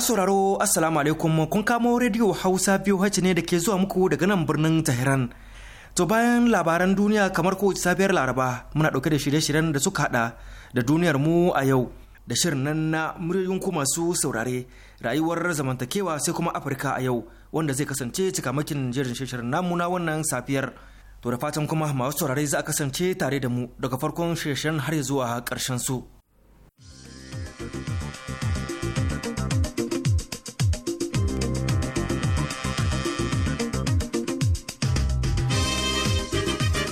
sauraro Assalamu alaikum kun kamo rediyo Hausa biyu hace ne da ke zuwa muku daga nan birnin Tehran. To bayan labaran duniya kamar ko safiyar Laraba muna dauke da shirye-shiryen da suka hada da duniyar mu a yau da shirin nan na muryoyin ku masu saurare rayuwar zamantakewa sai kuma Afirka a yau wanda zai kasance cikamakin jerin shirin namu na wannan safiyar. To da fatan kuma masu saurare za a kasance tare da mu daga farkon shirye-shiryen har zuwa karshen su.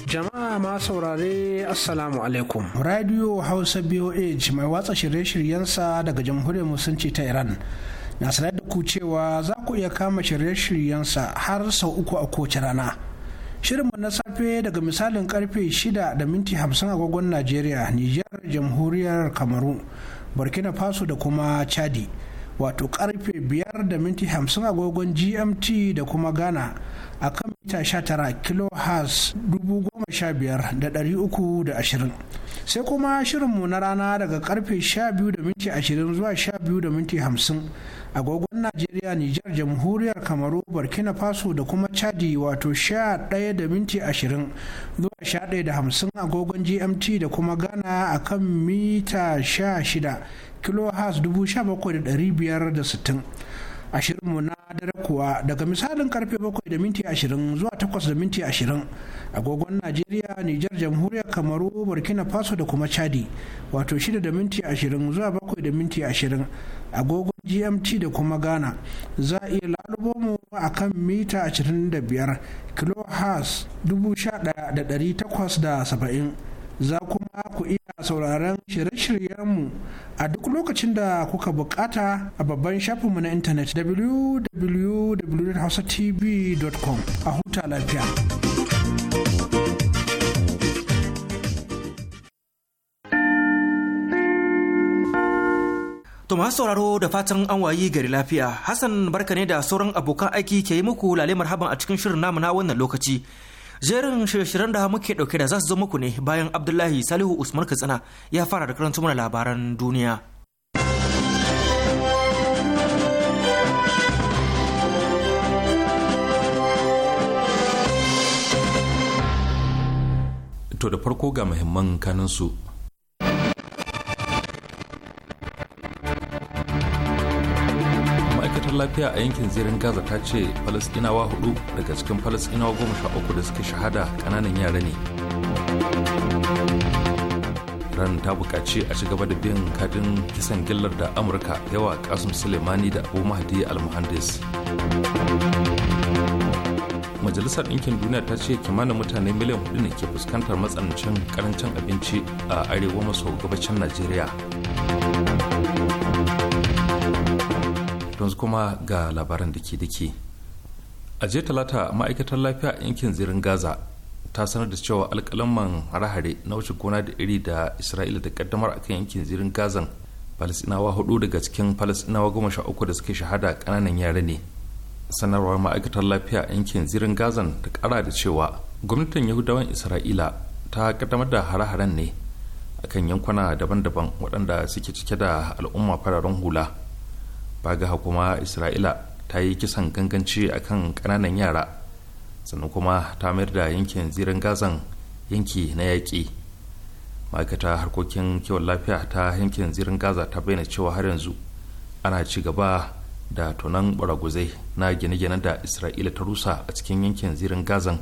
Jama'a ma saurare Assalamu alaikum. Radio Hausa BOH mai watsa shirye-shiryensa daga Jamhuriyar Musulunci ta Iran. Na sanar da ku cewa za ku iya kama shirye-shiryensa har sau uku a kowace rana. Shirinmu na safe daga misalin karfe shida da minti 50 agogon Najeriya, Nijar, Jamhuriyar Kamaru, Burkina Faso da kuma Chadi. wato karfe 5 da minti 50 agogon gmt da kuma ghana a kan mita uku kilohertz 15320 sai kuma shirinmu na rana daga karfe biyu da minti ashirin zuwa biyu da minti hamsin agogon najeriya nijar jamhuriyar kamaru burkina faso da kuma chadi wato 11 da minti ashirin zuwa sha ɗaya da hamsin agogon gmt da kuma ghana a kan mita shida kilohas 17,560 ashirinmu na dare kuwa daga misalin karfe 7 da minti 20 zuwa 8 da minti 20 agogon najeriya nijar jamhuriyar kamaru burkina faso da kuma chadi wato 6 da minti 20 zuwa 7 da minti 20 agogon gmt da kuma ghana za a iya lalubo mu a kan mita 25 kilohas 11,870 za kuma ku iya sauraron shirye-shiryenmu a duk lokacin da kuka bukata a babban shafinmu na intanet www.hausatv.com a huta lafiya. To masu sauraro da fatan an wayi gari lafiya, Hassan barka ne da sauran abokan aiki ke yi muku lalemar haban a cikin shirin namu wannan lokaci. jerin shirye-shiryen da muke dauke da za su zo muku ne bayan abdullahi salihu usman katsina ya fara da karanta mana labaran duniya to da farko ga muhimman kanin lafiya a yankin zirin gaza ta ce falasɗinawa hudu daga cikin falasɗinawa goma sha uku da suka shahada kananan yara ne ran ta buƙaci a ci gaba da bin kadin kisan gillar da amurka yawa kasum suleimani da abu mahdi almuhandis majalisar ɗinkin duniya ta ce kimanin mutane miliyan hudu ne ke fuskantar matsanancin karancin abinci a arewa maso gabacin najeriya yanzu kuma ga labaran da ke ke a jiya talata ma'aikatar lafiya a yankin zirin gaza ta sanar da cewa alkalaman harahare na wuce gona da iri da isra'ila da kaddamar akan yankin zirin gazan falasinawa hudu daga cikin falasinawa goma sha uku da suke shahada kananan yare ne sanarwar ma'aikatar lafiya a yankin zirin gazan ta kara da cewa gwamnatin yahudawan isra'ila ta kaddamar da hare-haren ne akan yankuna daban-daban waɗanda suke cike da al'umma fararen hula baga kuma isra'ila ta yi kisan ganganci a kan ƙananan yara sannan kuma ta mayar da yankin ziren gazan yanki na yaƙi ma'aikata harkokin kiwon lafiya ta yankin ziren gaza ta bayyana cewa har yanzu ana ci gaba da tunan baraguzai na gine-gine da isra'ila ta rusa a cikin yankin zirin gazan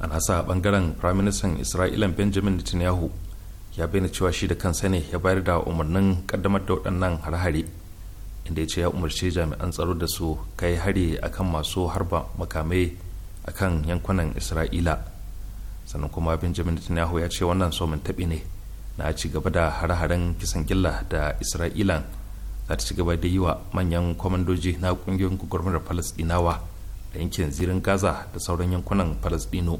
a nasa bangaren firaministan isra'ila benjamin netanyahu ya bayyana cewa shi da kansa ne ya bayar da umarnin kaddamar da waɗannan har-hare inda ya ce ya umarci jami'an tsaro da su kai hari akan masu harba makamai akan yankunan isra'ila sannan kuma benjamin netanyahu ya ce wannan somin taɓi ne na ci gaba da hare-haren kisan gilla da isra'ila za ta ci gaba da yi wa manyan kwamandoji na ƙungiyoyin gwamnatin falasɗinawa da yankin zirin gaza da sauran yankunan falasɗino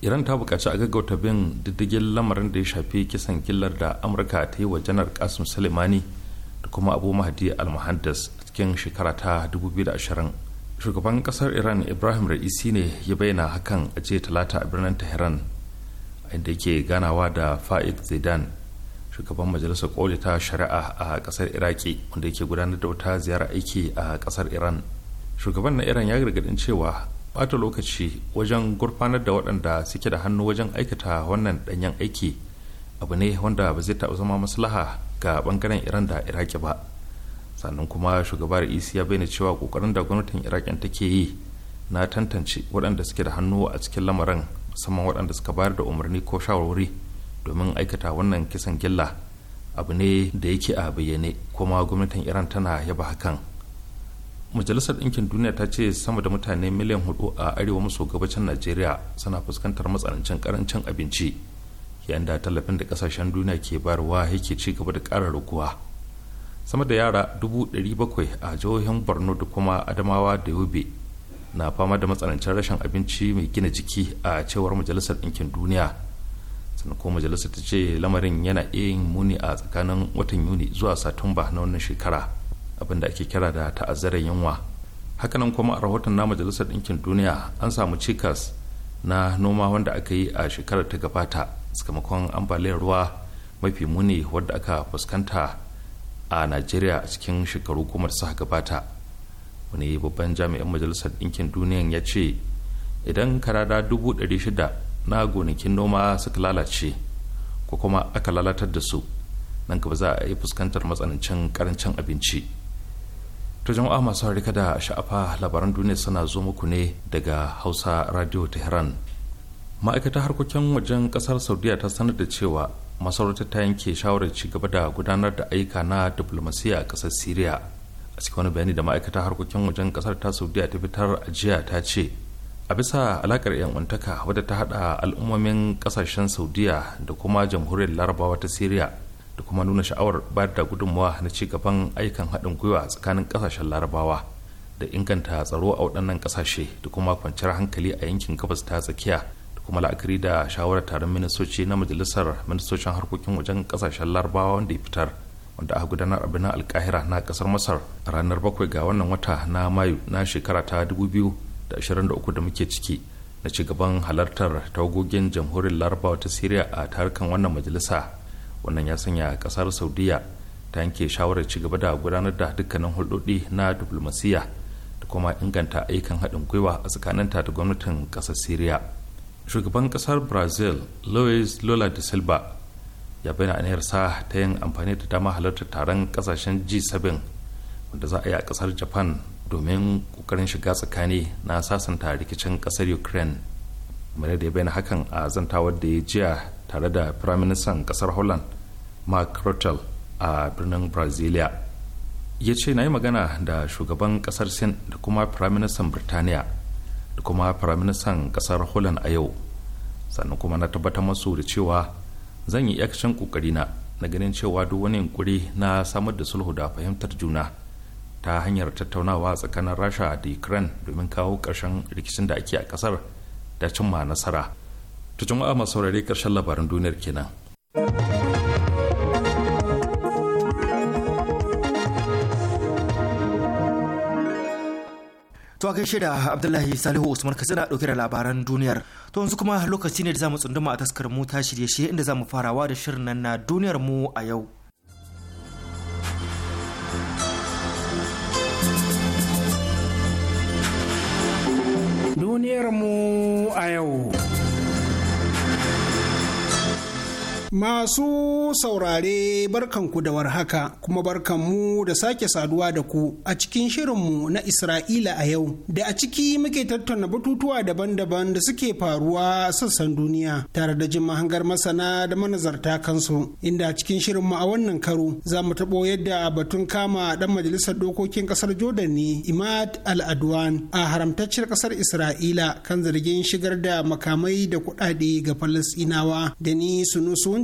iran ta buƙaci a gaggauta bin diddigin lamarin da ya shafi kisan gillar da amurka ta yi wa janar kasim salimani. da kuma abu mahdi al-muhandis cikin shekara ta 2020 shugaban kasar iran ibrahim ra'isi ne ya bayyana hakan a ce talata a birnin tehran inda yake ganawa da fa'id zaidan shugaban majalisar koli ta shari'a a kasar iraki wanda yake gudanar da wata ziyara aiki a kasar iran shugaban na iran ya gargadin cewa bata lokaci wajen gurfanar da waɗanda suke da hannu wajen aikata wannan ɗanyen aiki abu ne wanda ba zai taɓa zama maslaha ga bangaren iran da iraki ba sannan kuma shugabar ec ya bayyana cewa kokarin da gwamnatin irakin take yi na tantance waɗanda suke da hannu a cikin lamarin musamman waɗanda suka bayar da umarni ko shawarwari domin aikata wannan kisan gilla abu ne da yake a bayyane kuma gwamnatin iran tana yaba hakan majalisar ɗinkin duniya ta ce sama da mutane miliyan hudu a arewa maso gabacin najeriya suna fuskantar matsanancin karancin abinci yanda tallafin da kasashen duniya ke barwa yake ci gaba da ƙara raguwa sama da yara 700,000 a jihohin borno da kuma adamawa da yobe na fama da matsanancin rashin abinci mai gina jiki a cewar majalisar ɗinkin duniya sannan kuma majalisar ta ce lamarin yana iya yin muni a tsakanin watan yuni zuwa satumba na wannan shekara abin da ake kira da ta'azzara yunwa hakanan kuma a rahoton na majalisar ɗinkin duniya an samu cikas na noma wanda aka yi a shekarar ta gabata sakamakon ambaliyar ruwa mafi muni wadda aka fuskanta a najeriya a cikin shekaru goma da suka gabata wani babban jami'an majalisar ɗinkin duniyan ya ce idan karada dubu ɗari shida na gonakin noma suka lalace ko kuma aka lalatar da su nan gaba za a yi fuskantar matsanancin karancin abinci ta jama'a masu harika da sha'afa labaran duniya suna zo muku ne daga hausa radio tehran ma'aikatar harkokin wajen kasar saudiya ta sanar da cewa masarautar ta yanke shawarar ci gaba da gudanar da ayyuka na diplomasiya a kasar syria a cikin wani bayani da ma'aikatar harkokin wajen kasar ta saudiya ta fitar ajiya ta ce a bisa alakar yan'untaka wadda ta hada al'ummomin kasashen saudiya da kuma jamhuriyar larabawa ta syria da kuma nuna sha'awar bayar da gudunmawa na ci gaban ayyukan haɗin gwiwa tsakanin kasashen larabawa da inganta tsaro a waɗannan kasashe da kuma kwanciyar hankali a yankin gabas ta tsakiya kuma la'akari da shawarar taron ministoci na majalisar ministocin harkokin wajen kasashen larabawa wanda ya fitar wanda aka gudanar a birnin alkahira na kasar masar a ranar bakwai ga wannan wata na mayu na shekara ta 2023 da muke ciki na ci gaban halartar tagogin jamhuriyar larabawa ta syria a tarukan wannan majalisa wannan ya sanya kasar saudiya ta yanke shawarar ci gaba da gudanar da dukkanin hulɗoɗi na diplomasiya da kuma inganta ayyukan haɗin gwiwa a tsakaninta da gwamnatin ƙasar syria shugaban kasar brazil louis lula da silva ya bayyana sa ta yin amfani da dama halartar taron kasashen g7 wanda za a yi a kasar japan domin kokarin shiga tsakani na sasanta rikicin kasar ukraine kamar da ya bayyana hakan a zantawar da ya jiya tare da firaministan kasar holland mark rutte a birnin brazilia ya ce na yi magana da shugaban kasar sin da kuma firaministan birtaniya da kuma firaministan kasar holland a yau sannan kuma na tabbatar masu da cewa zan yi yakashin kokari na na ganin cewa duk wani yunkuri na samar da sulhu da fahimtar juna ta hanyar tattaunawa tsakanin rasha da ukraine domin kawo ƙarshen rikicin da ake a ƙasar da cimma nasara ta jama'a masu saurare ƙarshen labaran duniyar kenan. To kai shida Abdullahi Salihu Usman Katsina ɗauke da labaran duniyar. To yanzu kuma lokaci ne da zamu tsunduma a taskar mu ta shirye shi inda zamu farawa da shirin nan na duniyar mu a yau. Duniyar mu a yau. Masu saurare barkanku da warhaka kuma barkanmu da sake saduwa da ku a cikin shirinmu na Isra'ila a yau da a ciki muke tattauna batutuwa daban-daban da suke faruwa a sassan duniya tare da jin mahangar masana da manazarta kansu inda a cikin shirinmu a wannan karo za mu taɓo yadda batun kama ɗan majalisar dokokin ƙasar Jordan ne Imad Al-Adwan a haramtacciyar ƙasar Isra'ila kan zargin shigar da makamai da kuɗaɗe ga Falasɗinawa da ni Sunusun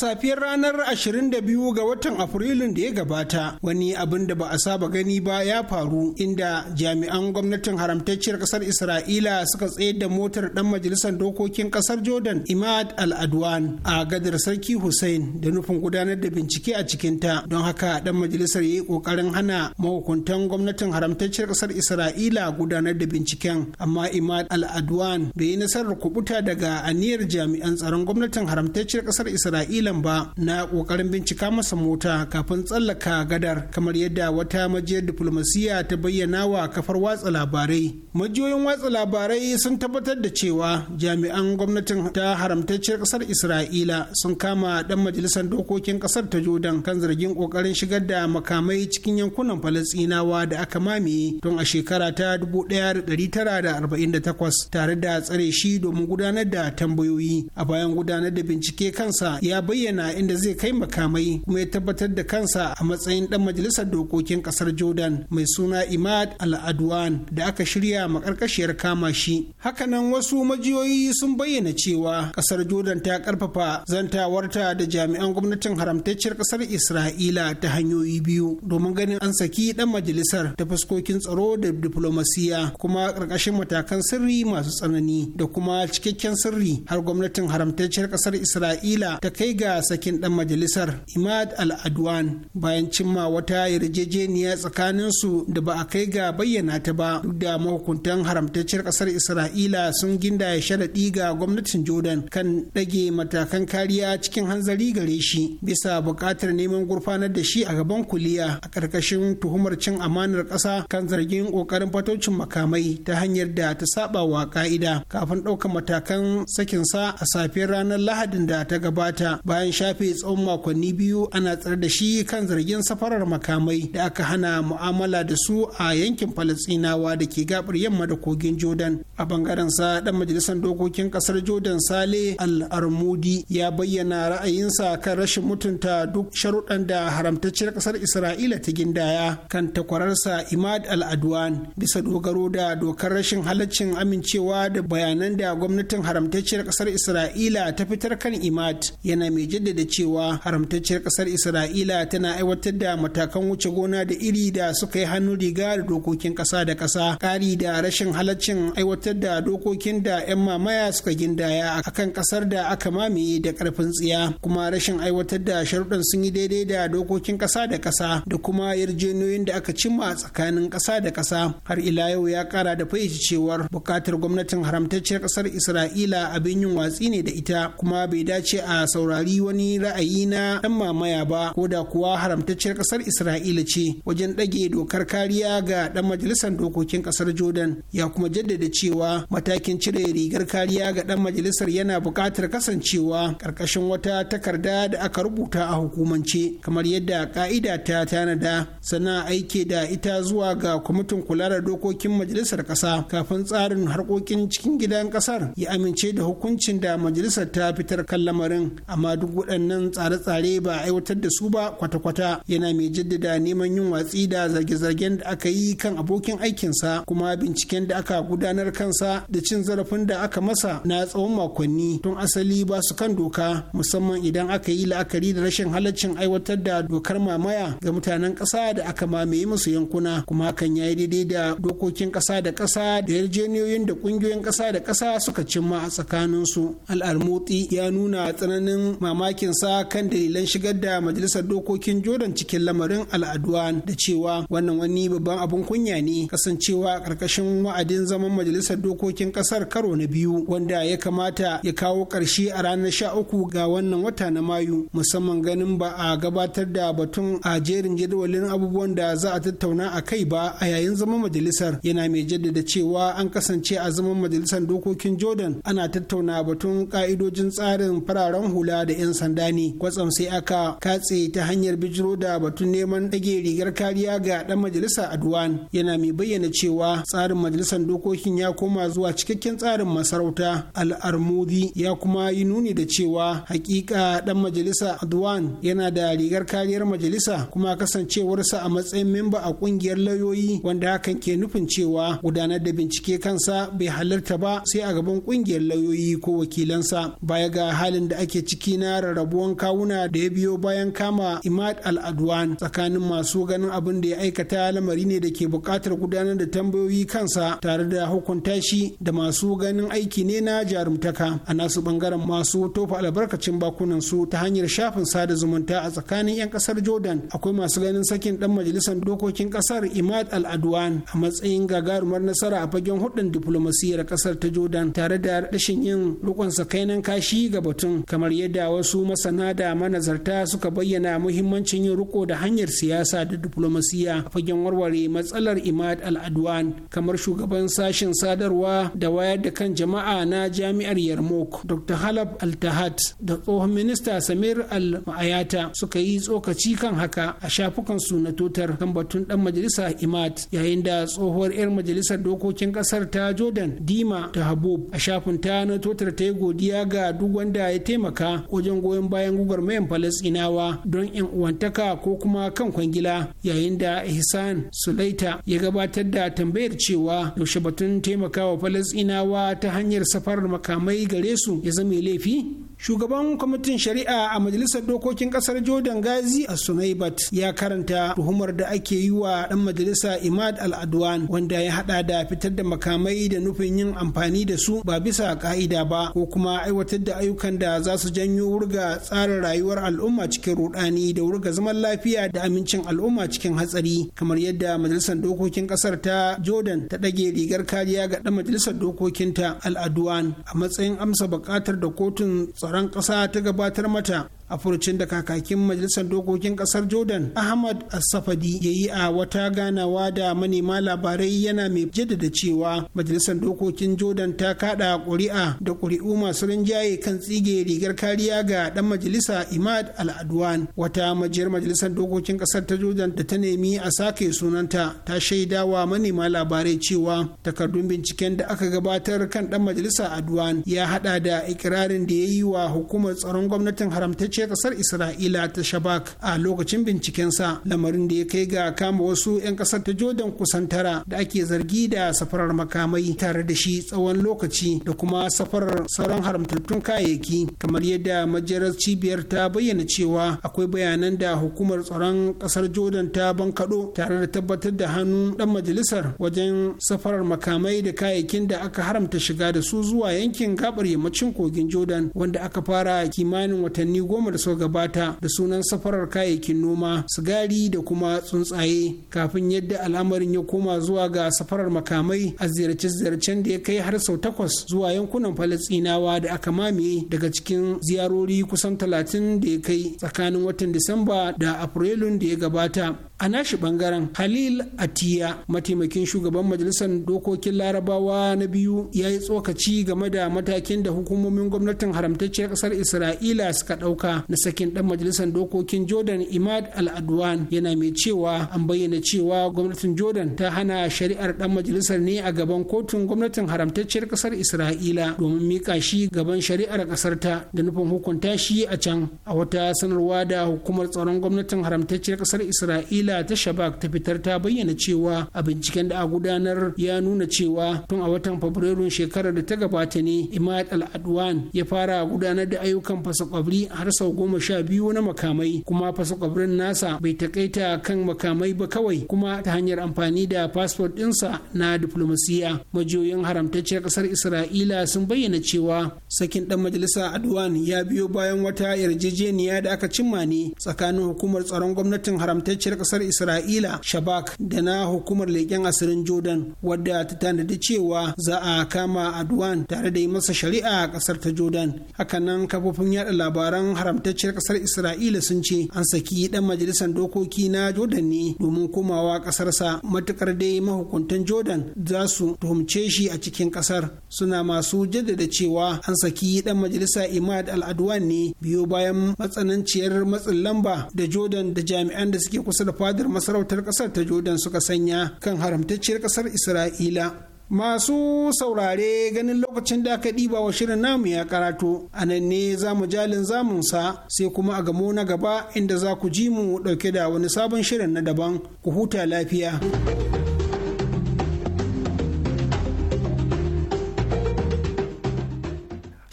safiyar ranar 22 ga watan Afrilun da ya gabata, wani abin da ba a saba gani ba ya faru inda jami'an gwamnatin haramtacciyar kasar Isra'ila suka tsayar da motar dan majalisar dokokin kasar Jordan Imad Al-Adwan a gadar Sarki Hussein da nufin gudanar da bincike a cikinta. Don haka dan majalisar ya yi kokarin hana mahukuntan gwamnatin haramtacciyar kasar Isra'ila gudanar da binciken, amma Imad Al-Adwan bai yi nasarar kubuta daga aniyar jami'an tsaron gwamnatin haramtacciyar kasar Isra'ila kalilan ba na kokarin bincika masa mota kafin tsallaka gadar kamar yadda wata majiyar diplomasiya ta bayyana wa kafar watsa labarai majiyoyin watsa labarai sun tabbatar da cewa jami'an gwamnatin ta haramtacciyar kasar isra'ila sun kama dan majalisar dokokin kasar ta jordan kan zargin kokarin shigar da makamai cikin yankunan falastinawa da aka mamaye tun a shekara ta 1948 tare da tsare shi domin gudanar da tambayoyi a bayan gudanar da bincike kansa ya bayyana inda zai kai makamai kuma ya tabbatar da kansa a matsayin dan majalisar dokokin kasar jordan mai suna imad al-adwan da aka shirya makarkashiyar kama shi hakanan wasu majiyoyi sun bayyana cewa kasar jordan ta karfafa zantawarta da jami'an gwamnatin haramtacciyar kasar isra'ila ta hanyoyi biyu domin ganin an saki dan majalisar da fuskokin tsaro da diplomasiya kuma karkashin matakan sirri masu tsanani da kuma cikakken sirri har gwamnatin haramtacciyar kasar isra'ila ta kai ga sakin ɗan majalisar Imad Al-Adwan bayan cimma wata yarjejeniya tsakaninsu da ba a kai ga bayyana ta ba duk da mahukuntan haramtacciyar ƙasar Isra'ila sun gindaya sharaɗi ga gwamnatin Jordan kan ɗage matakan kariya cikin hanzari gare shi bisa buƙatar neman gurfanar da shi a gaban kuliya a ƙarƙashin tuhumar cin amanar ƙasa kan zargin ƙoƙarin fatocin makamai ta hanyar da ta saba wa ƙa'ida kafin ɗaukar matakan sakinsa a safiyar ranar Lahadin da ta gabata bayan shafe tsawon makonni biyu ana tsar da shi kan zargin safarar makamai da aka hana mu'amala da su a yankin Falasinawa da ke gabar yamma da kogin jordan a bangaren sa dan majalisar dokokin kasar jordan sale al-armudi ya bayyana ra'ayinsa kan rashin mutunta duk sharuɗan da haramtacciyar kasar isra'ila ta gindaya kan takwararsa imad al-adwan bisa dogaro da dokar rashin halaccin amincewa da bayanan da gwamnatin haramtacciyar kasar isra'ila ta fitar kan imad yana mai jaddada cewa haramtacciyar kasar isra'ila tana aiwatar da matakan wuce gona da iri da suka yi hannu riga da dokokin kasa da kasa ƙari da rashin halaccin aiwatar da dokokin da 'yan mamaya suka gindaya a akan kasar da aka mamaye da karfin tsiya kuma rashin aiwatar da sharuɗan sun yi daidai da dokokin kasa da kasa da kuma yarjejeniyoyin da aka cimma a tsakanin kasa da kasa har ila yau ya kara da fayyace cewar bukatar gwamnatin haramtacciyar kasar isra'ila abin yin watsi ne da ita kuma bai dace a saurari bari wani ra'ayi na ɗan mamaya ba ko da kuwa haramtacciyar ƙasar isra'ila ce wajen ɗage dokar kariya ga ɗan majalisar dokokin ƙasar jordan ya kuma jaddada cewa matakin cire rigar kariya ga ɗan majalisar yana buƙatar kasancewa ƙarƙashin wata takarda da aka rubuta a hukumance kamar yadda ƙa'ida ta tanada sannan aike da ita zuwa ga kwamitin kula da dokokin majalisar ƙasa kafin tsarin harkokin cikin gidan ƙasar ya amince da hukuncin da majalisar ta fitar kan lamarin amma duk waɗannan tsare-tsare ba a aiwatar da su ba kwata-kwata yana mai jaddada neman yin watsi da zarge-zargen da aka yi kan abokin aikinsa kuma binciken da aka gudanar kansa da cin zarafin da aka masa na tsawon makonni tun asali ba su kan doka musamman idan aka yi la'akari da rashin halaccin aiwatar da dokar mamaya ga mutanen ƙasa da aka mamaye musu yankuna kuma hakan ya yi daidai da dokokin ƙasa da ƙasa da yarjejeniyoyin da ƙungiyoyin ƙasa da ƙasa suka cimma a tsakanin tsakaninsu al'almutsi ya nuna tsananin mamakin sa kan dalilan shigar da majalisar dokokin jordan cikin lamarin al'aduwan da cewa wannan wani babban abun kunya ne kasancewa ƙarƙashin wa'adin zaman majalisar dokokin ƙasar karo na biyu wanda ya kamata ya kawo karshe a ranar sha uku ga wannan wata na mayu musamman ganin ba a gabatar da batun a jerin jadawalin abubuwan da za a tattauna a kai ba a yayin zaman majalisar yana mai jaddada cewa an kasance a zaman majalisar dokokin jordan ana tattauna batun ka'idojin tsarin fararen hula da 'yan sanda ne kwatsam sai aka katse ta hanyar bijiro da batun neman dage rigar kariya ga ɗan majalisa adwan yana mai bayyana cewa tsarin majalisar dokokin ya koma zuwa cikakken tsarin masarauta al'armudi ya kuma yi nuni da cewa hakika ɗan majalisa adwan yana da rigar kariyar majalisa kuma kasancewarsa a matsayin memba a ƙungiyar lauyoyi wanda hakan ke nufin cewa gudanar da bincike kansa bai halarta ba sai a gaban ƙungiyar lauyoyi ko wakilansa baya ga halin da ake ciki ina na rarrabuwan kawuna da ya biyo bayan kama imad al-adwan tsakanin masu ganin abin da ya aikata lamari ne da ke buƙatar gudanar da tambayoyi kansa tare da hukunta shi da masu ganin aiki ne na jarumtaka a nasu bangaren masu tofa albarkacin bakunan su ta hanyar shafin sada zumunta a tsakanin 'yan kasar jordan akwai masu ganin sakin dan majalisar dokokin kasar imad al-adwan a matsayin gagarumar nasara a fagen hudun diflomasiyyar kasar ta jordan tare da rashin yin rukun sakainan kashi ga batun kamar yadda a wasu masana da manazarta suka bayyana muhimmancin yin riko da hanyar siyasa da diplomasiya fagen warware matsalar imad al'adwan kamar shugaban sashen sadarwa da wayar da kan jama'a na jami'ar yarmouk dr halab altahat da tsohon minista samir al-ma'ayata suka yi tsokaci kan haka a shafukan su na tutar kan batun dan majalisa imad yayin da tsohuwar 'yar majalisar dokokin kasar ta jordan dima ta habub a shafin ta na tutar ta yi godiya ga duk wanda ya taimaka wajen goyon bayan mayan falasɗinawa don 'yan uwantaka ko kuma kan kwangila yayin da ihsan sulaita ya gabatar da tambayar cewa yaushe batun taimakawa falasɗinawa ta hanyar safarar makamai gare su ya zama laifi shugaban kwamitin shari'a a majalisar dokokin kasar jordan gazi a sunaibat ya karanta tuhumar da ake yi wa dan majalisa imad al-adwan wanda ya hada da fitar da makamai da nufin yin amfani da su ba bisa ka'ida ba ko kuma aiwatar da ayyukan da za su janyo wurga tsarin rayuwar al'umma cikin rudani da wurga zaman lafiya da amincin al'umma cikin hatsari kamar yadda majalisar dokokin kasar ta jordan ta ɗage rigar kariya ga dan majalisar dokokinta al-adwan a matsayin amsa bukatar da kotun tsaron ƙasa ta gabatar mata a furucin da kakakin majalisar dokokin kasar jordan ahmad asafadi ya yi a wata ganawa da manema labarai yana mai jaddada cewa majalisar dokokin jordan ta kada kuri'a da kuri'u masu rinjaye kan tsige rigar kariya ga dan majalisa imad al'adwan wata majiyar majalisar dokokin kasar ta jordan da ta nemi a sake sunanta ta shaida wa manema labarai cewa takardun binciken da aka gabatar kan dan majalisa adwan ya hada da ikirarin da ya yi wa hukumar tsaron gwamnatin haramtacce ce kasar isra'ila ta shabak a lokacin bincikensa lamarin da ya kai ga kama wasu 'yan kasar ta jordan kusantara da ake zargi da safarar makamai tare da shi tsawon lokaci da kuma safarar sauran haramtattun kayayyaki kamar yadda majalar cibiyar ta bayyana cewa akwai bayanan da hukumar tsaron kasar jordan ta bankaɗo tare da tabbatar da hannun dan majalisar wajen safarar makamai da kayayyakin da aka haramta shiga da su zuwa yankin gabar yammacin kogin jordan wanda aka fara kimanin watanni goma goma da suka gabata da sunan safarar kayayyakin noma sigari da kuma tsuntsaye kafin yadda al'amarin ya koma zuwa ga safarar makamai a ziyarce-ziyarcen da ya kai har sau takwas zuwa yankunan falastinawa da aka mamaye daga cikin ziyarori kusan talatin da ya kai tsakanin watan disamba da afrilun da ya gabata a nashi bangaren halil atiya mataimakin shugaban majalisar dokokin larabawa na biyu ya yi tsokaci game da matakin da hukumomin gwamnatin haramtacciyar kasar isra'ila suka ɗauka na sakin ɗan majalisar dokokin jordan imad al-adwan yana mai cewa an bayyana cewa gwamnatin jordan ta hana shari'ar ɗan majalisar ne a gaban kotun gwamnatin haramtacciyar kasar isra'ila domin mika shi gaban shari'ar kasar ta da nufin hukunta shi a can a wata sanarwa da hukumar tsaron gwamnatin haramtacciyar kasar isra'ila isra'ila ta shabak ta fitar ta bayyana cewa a binciken da a gudanar ya nuna cewa tun a watan fabrairun shekarar da ta gabata ne imad al-adwan ya fara gudanar da ayyukan fasa kwabri har sau goma sha biyu na makamai kuma fasa kwabrin nasa bai takaita kan makamai ba kawai kuma ta hanyar amfani da fasfot dinsa na diflomasiya majiyoyin haramtacciyar ƙasar isra'ila sun bayyana cewa sakin ɗan majalisa adwan ya biyo bayan wata yarjejeniya da aka cimma ne tsakanin hukumar tsaron gwamnatin haramtacciyar ƙasar kasar isra'ila shabak da na hukumar leƙen asirin jordan wadda ta tanadi cewa za a kama adwan tare da yi masa shari'a a kasar ta jordan hakanan kafofin yaɗa labaran haramtacciyar kasar isra'ila sun ce an saki ɗan majalisar dokoki na jordan ne domin komawa kasarsa matukar dai mahukuntan jordan za su tuhumce shi a cikin kasar suna masu jaddada cewa an saki ɗan majalisa imad al'adu'an ne biyo bayan matsananciyar matsin lamba da jordan da jami'an da suke kusa da fadar masarautar kasar ta jordan suka sanya kan haramtacciyar kasar isra'ila Masu saurare ganin lokacin da aka ɗiba wa shirin namu ya karatu a nan ne za mu jalin zamunsa sai kuma a gamo na gaba inda za ku ji mu ɗauke da wani sabon shirin na daban ku huta lafiya.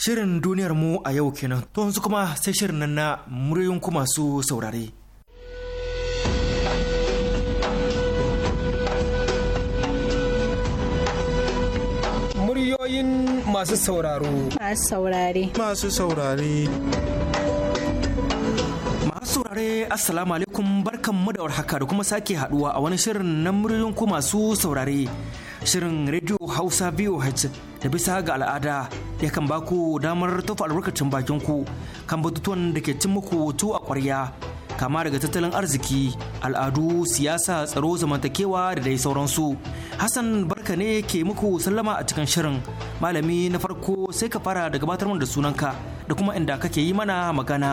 Shirin duniyar mu a yau kenan, to yanzu kuma sai shirin nan na muryoyin masu saurare. Ra'ayoyin masu sauraro. Masu saurare. Masu saurare. Masu saurare Assalamu alaikum mu da warhaka da kuma sake haduwa a wani shirin na muryoyin ku masu saurare. Shirin Radio Hausa VOH da bisa ga al'ada ya kan baku damar tofa albarkacin bakin ku kan batutuwan da ke cin muku tu a kwarya kama daga tattalin arziki al'adu siyasa tsaro zamantakewa da dai sauransu hassan barka ne ke muku sallama a cikin shirin malami na farko sai ka fara da gabatar da sunanka da kuma inda kake yi mana magana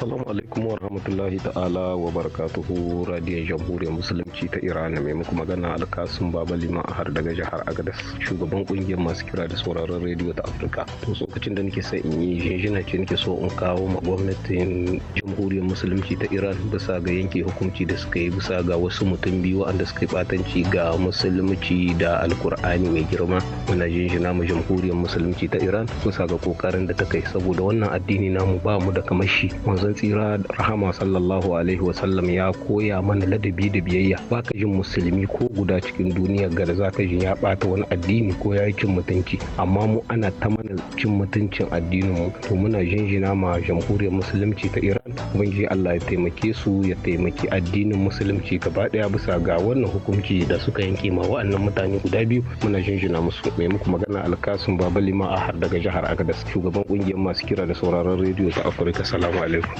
Assalamu alaikum wa rahmatullahi ta'ala wa barakatuhu radiyon jamhuriyar musulunci ta Iran mai muku magana alkasun Baba Liman har daga jihar Agadas shugaban kungiyar masu kira da sauraron rediyo ta Afirka. To tsokacin da nake sai in yi jinjina ce nake so in kawo ma gwamnatin jamhuriyar musulunci ta Iran bisa ga yanke hukunci da suka yi bisa ga wasu mutum biyu wanda suka yi batanci ga musulunci da alkur'ani mai girma. Muna jinjina ma jamhuriyar musulunci ta Iran bisa ga kokarin da ta kai saboda wannan addini namu ba mu da kamar shi. manzon tsira rahama sallallahu alaihi wasallam ya koya mana ladabi da biyayya baka jin musulmi ko guda cikin duniya da zaka jin ya bata wani addini ko ya cin mutunci amma mu ana ta mana cin mutuncin addinin mu to muna jinjina ma jamhuriyar musulunci ta Iran ubangiji Allah ya taimake su ya taimaki addinin musulunci gaba daya bisa ga wannan hukunci da suka yanke ma wa'annan mutane guda biyu muna jinjina musu mai muku magana alkasun baba lima har daga jihar Agadas shugaban kungiyar masu kira da sauraron rediyo ta Afirka salamu alaikum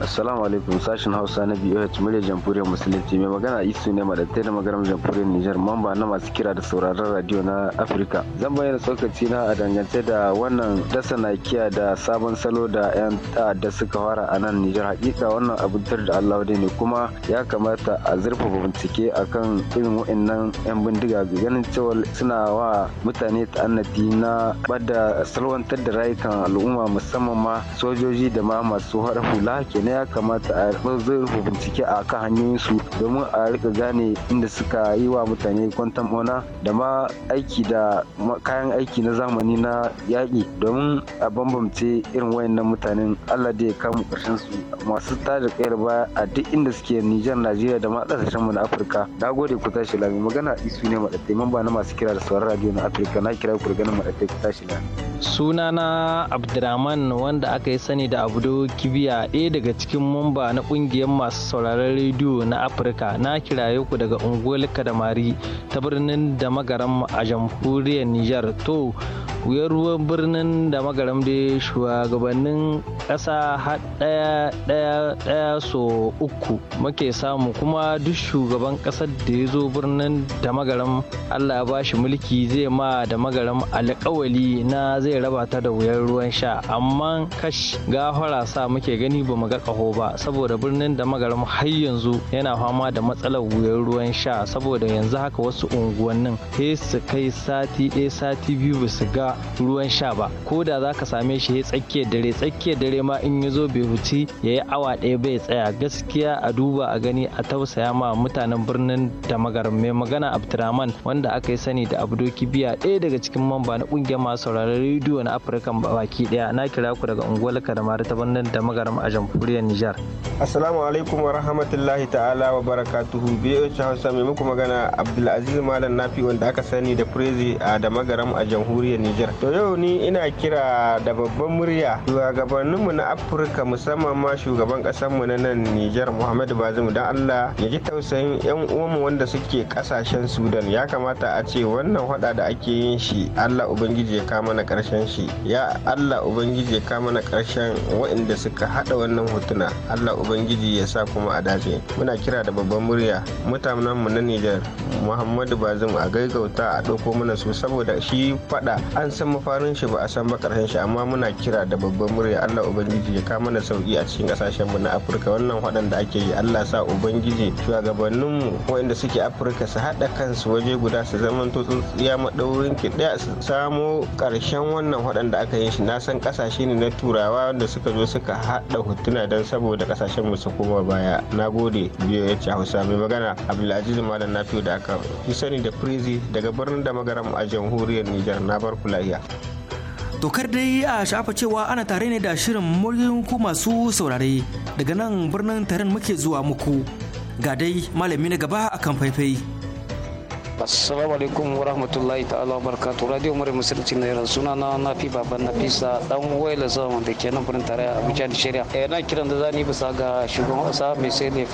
assalamu alaikum sashen hausa na biyu hajji murya jamhuriyar musulunci mai magana isu ne madattai da magana jamhuriyar nijar mamba na masu kira da sauraron radio na afirka zan bayyana tsokaci na a dangance da wannan dasa na nakiya da sabon salo da yan ta'adda suka fara a nan nijar hakika wannan abin da allah ne kuma ya kamata a zurfafa bincike akan irin wa'annan yan bindiga ganin cewa suna wa mutane ta'annati na bada salwantar da rayukan al'umma musamman ma sojoji da ma masu hula kenan ne ya kamata a rufe bincike a kan su domin a rika gane inda suka yi wa mutane kwantan ona da ma aiki da kayan aiki na zamani na yaƙi domin a bambamce irin wayannan mutanen allah da ya kama ƙarshen su masu tada kayar baya a duk inda suke nijar najeriya da ma ƙasashen mu na afirka na gode ku tashi lami magana isu ne maɗaɗai mamba na masu kira da sauran radio na afirka na kira ku ganin ku tashi lami sunana abdulrahman wanda aka yi sani da abdo kibiya ɗaya daga cikin mamba na kungiyar masu sauraron rediyo na Afirka na kiraye ku daga unguwar Kadamari ta birnin da magaram a jamhuriyar Nijar to wuyar ruwan birnin da magaram da shugabannin ƙasa ha daya daya so uku muke samu kuma duk shugaban ƙasar da ya zo birnin da magaram Allah ya bashi mulki zai ma da magaram alƙawali na zai rabata da wuyar ruwan sha amma kash gafara sa muke gani ba mu ga ƙaho ba saboda birnin da magaram har yanzu yana fama da matsalar wuyar ruwan sha saboda yanzu haka wasu unguwannin he su kai sati ɗaya sati biyu ba su ga ruwan sha ba ko da za ka same shi ya tsakiyar dare tsakiyar dare ma in ya zo bai huci ya yi awa ɗaya bai tsaya gaskiya a duba a gani a tausaya ma mutanen birnin da magaram mai magana abdurrahman wanda aka yi sani da abdoki biya ɗaya daga cikin mamba na ƙungiyar masu sauraron rediyo na afirka baki ɗaya na kira ku daga unguwar mara ta birnin da magaram a jamhuriyar jamhuriyar Nijar. Assalamu alaikum wa rahmatullahi ta'ala wa barakatuhu BH Hausa mai muku magana Abdulaziz Malam Nafi wanda aka sani da Prezi a da magaram a jamhuriyar Nijar. To yau ni ina kira da babban murya shugabanninmu na Afirka musamman ma shugaban kasar mu na nan Nijar Muhammadu Bazum dan Allah ya ji tausayin yan uwanmu wanda suke kasashen Sudan ya kamata a ce wannan hada da ake yin shi Allah Ubangiji ya kama na karshen shi ya Allah Ubangiji ya kama na karshen waɗanda suka hada wannan hotuna allah ubangiji ya sa kuma a dace muna kira da babban murya mutanen mu na nijar muhammadu bazum a gaigauta a ɗauko mana su saboda shi faɗa an san mafarin shi ba a san ba shi amma muna kira da babban murya allah ubangiji ya kama mana sauki a cikin kasashen mu na afirka wannan faɗan da ake yi allah sa ubangiji mu waɗanda suke afirka su haɗa kansu waje guda su zama tsuntsiya maɗaurin ki ɗaya su samo ƙarshen wannan faɗan da aka yi shi na san ƙasashe ne na turawa wanda suka zo suka haɗa hotuna don saboda kasashen su koma baya na gode biyo ya ci hausa mai magana abdulaziz malam nafiu da aka fi sani da prezi daga birnin da magaram a jamhuriyar nijar na bar kulahiya Dokar dai a shafa cewa ana tare ne da shirin muryin ku masu saurare daga nan birnin tarin muke zuwa muku ga dai malami na gaba akan faifai. assalamualaikum warahmatullahi rahmatullahi ta'ala wa barakatuh radio mura musulunci na yaran suna na nafi baban nafisa dan waila zaman da ke nan birnin tarayya abuja shari'a eh na kiran da zani bisa ga shugaban kasa mai sai ne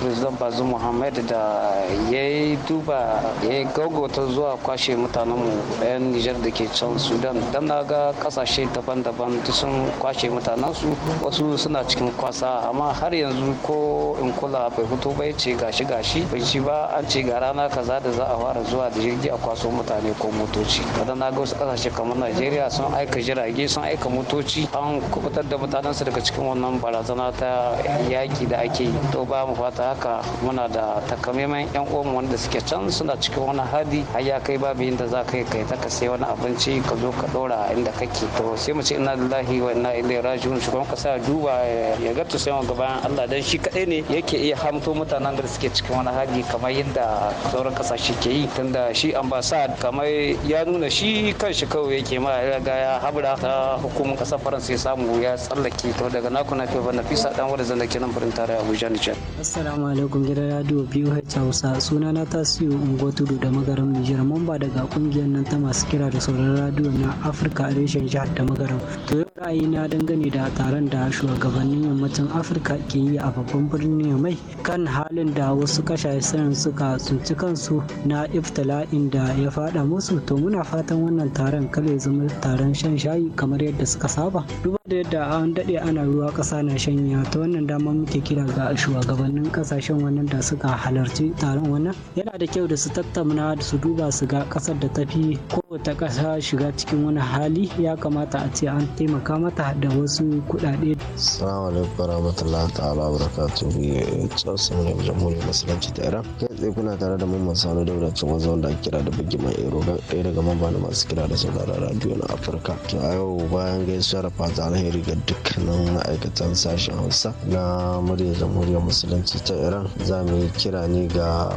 muhammad da ya yi duba ya gaggota zuwa kwashe mutanen mu yan nijar da ke can sudan dan na ga kasashe daban-daban duk sun kwashe mutanen su wasu suna cikin kwasa amma har yanzu ko in kula bai fito bai ce gashi gashi bai ci ba an ce ga rana kaza da za a fara zuwa jirgi a kwaso mutane ko motoci kada na ga wasu kasashe kamar najeriya sun aika jirage sun aika motoci an kubutar da mutanensu daga cikin wannan barazana ta yaki da ake yi to ba mu fata haka muna da takamaiman yan uwanmu wanda suke can suna cikin wani hadi har ya kai babu inda za ka kai ta ka sai wani abinci ka zo ka dora inda kake to sai mu ce ina lillahi wa inna ilaihi raji'un shugaban kasa duba ya ga to sai mu Allah dan shi kadai ne yake iya hamto mutanen da suke cikin wani hadi kamar yadda sauran kasashe ke yi tunda shi ambasad kamar ya nuna shi kan shi kawai yake ma ga ya habra ta hukumar kasar faransa ya samu ya tsallake to daga naku na fi bana fisa dan wanda zan dake nan birnin a abuja nijar assalamu alaikum gidan radio biyu hausa suna na tasiyo unguwa tudu da magaram nijar mamba daga kungiyar nan ta masu kira da sauran radio na afirka reshen jihar da magaram to yau ra'ayi na dangane da taron da shugabannin yammacin afirka ke yi a babban birnin mai kan halin da wasu sun suka tsunci kansu na iftila bala'in da ya faɗa musu to muna fatan wannan taron kare zama taron shan shayi kamar yadda suka saba duba da yadda an daɗe ana ruwa ƙasa na shanya ta wannan dama muke kira ga shugabannin kasashen wannan da suka halarci taron wannan yana da kyau da su tattauna da su duba su ga ƙasar da tafi ta ƙasa shiga cikin wani hali ya kamata a ce an taimaka mata da wasu kuɗaɗe. Assalamu alaikum warahmatullahi ta'ala barakatuhu jamhuriyar musulunci ta Iran. Kai tsaye kuna tare da mu masu hannu da wanzu. wanda ake kira da bugiman erogan ɗaya daga mamba da masu kira da sauraron radio na afirka to a yau bayan gaisuwa da fata alheri ga dukkanin ma'aikatan sashen hausa na muryar jamhuriyar musulunci ta iran za mu yi kira ne ga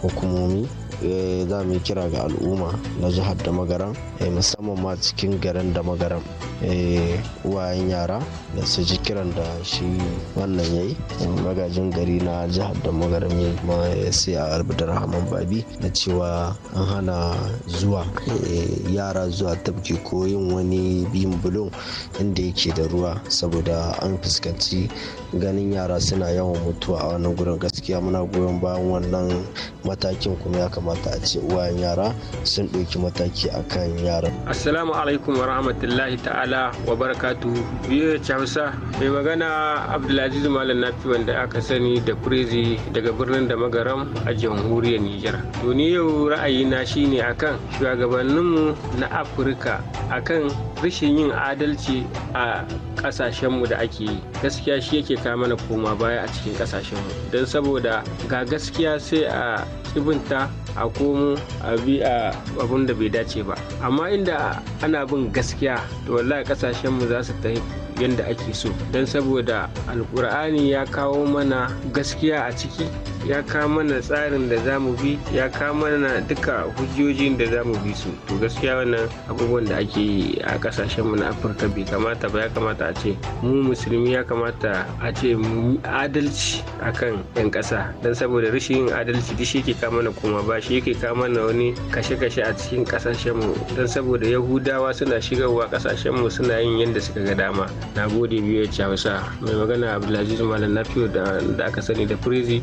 hukumomi Eh, za mu kira ga al'umma na jihar da magaran eh, musamman ma cikin garin da magaran eh, uwayen yara da su ji kiran da shi wannan ya yi magajin gari na jihar da magaran ya sai a arbitar haman babi na cewa an hana zuwa yara zuwa tafki ko yin wani bin bulon inda yake da ruwa saboda an fuskanci ganin yara suna yawan mutuwa a wannan gurin gaskiya muna goyon bayan wannan matakin kuma ya kamata a ce uwayen yara sun ɗauki mataki a kan yaran. Assalamu alaikum wa rahmatullahi ta'ala wa barakatu biyu ya camsa mai magana Abdulaziz Malam Nafi wanda aka sani da Prezi daga birnin da magaram a jamhuriyar Nijar. To ni yau ra'ayina shine akan shugabanninmu na Afirka akan rashin yin adalci a kasashenmu da ake yi gaskiya shi yake kawo mana koma baya a cikin kasashenmu don saboda ga gaskiya sai a ibinta a komo a bi abun da bai dace ba amma inda ana bin gaskiya to wallahi kasashen mu za su tafi yadda ake so don saboda alkur'ani ya kawo mana gaskiya a ciki ya kawo mana tsarin da za mu bi ya kawo mana duka hujjojin da za mu bi su to gaskiya wannan abubuwan da ake yi a kasashenmu na afirka bai kamata ba ya kamata a ce mu musulmi ya kamata a ce mu adalci akan 'yan ƙasa don saboda rashin adalci duk shi ke kama mana kuma ba shi yake kama mana wani kashe-kashe a cikin kasashenmu don saboda yahudawa suna shigarwa kasashenmu suna yin yadda suka ga dama na gode biyu ya hausa mai magana abdulaziz malam nafiyo da aka sani da prezi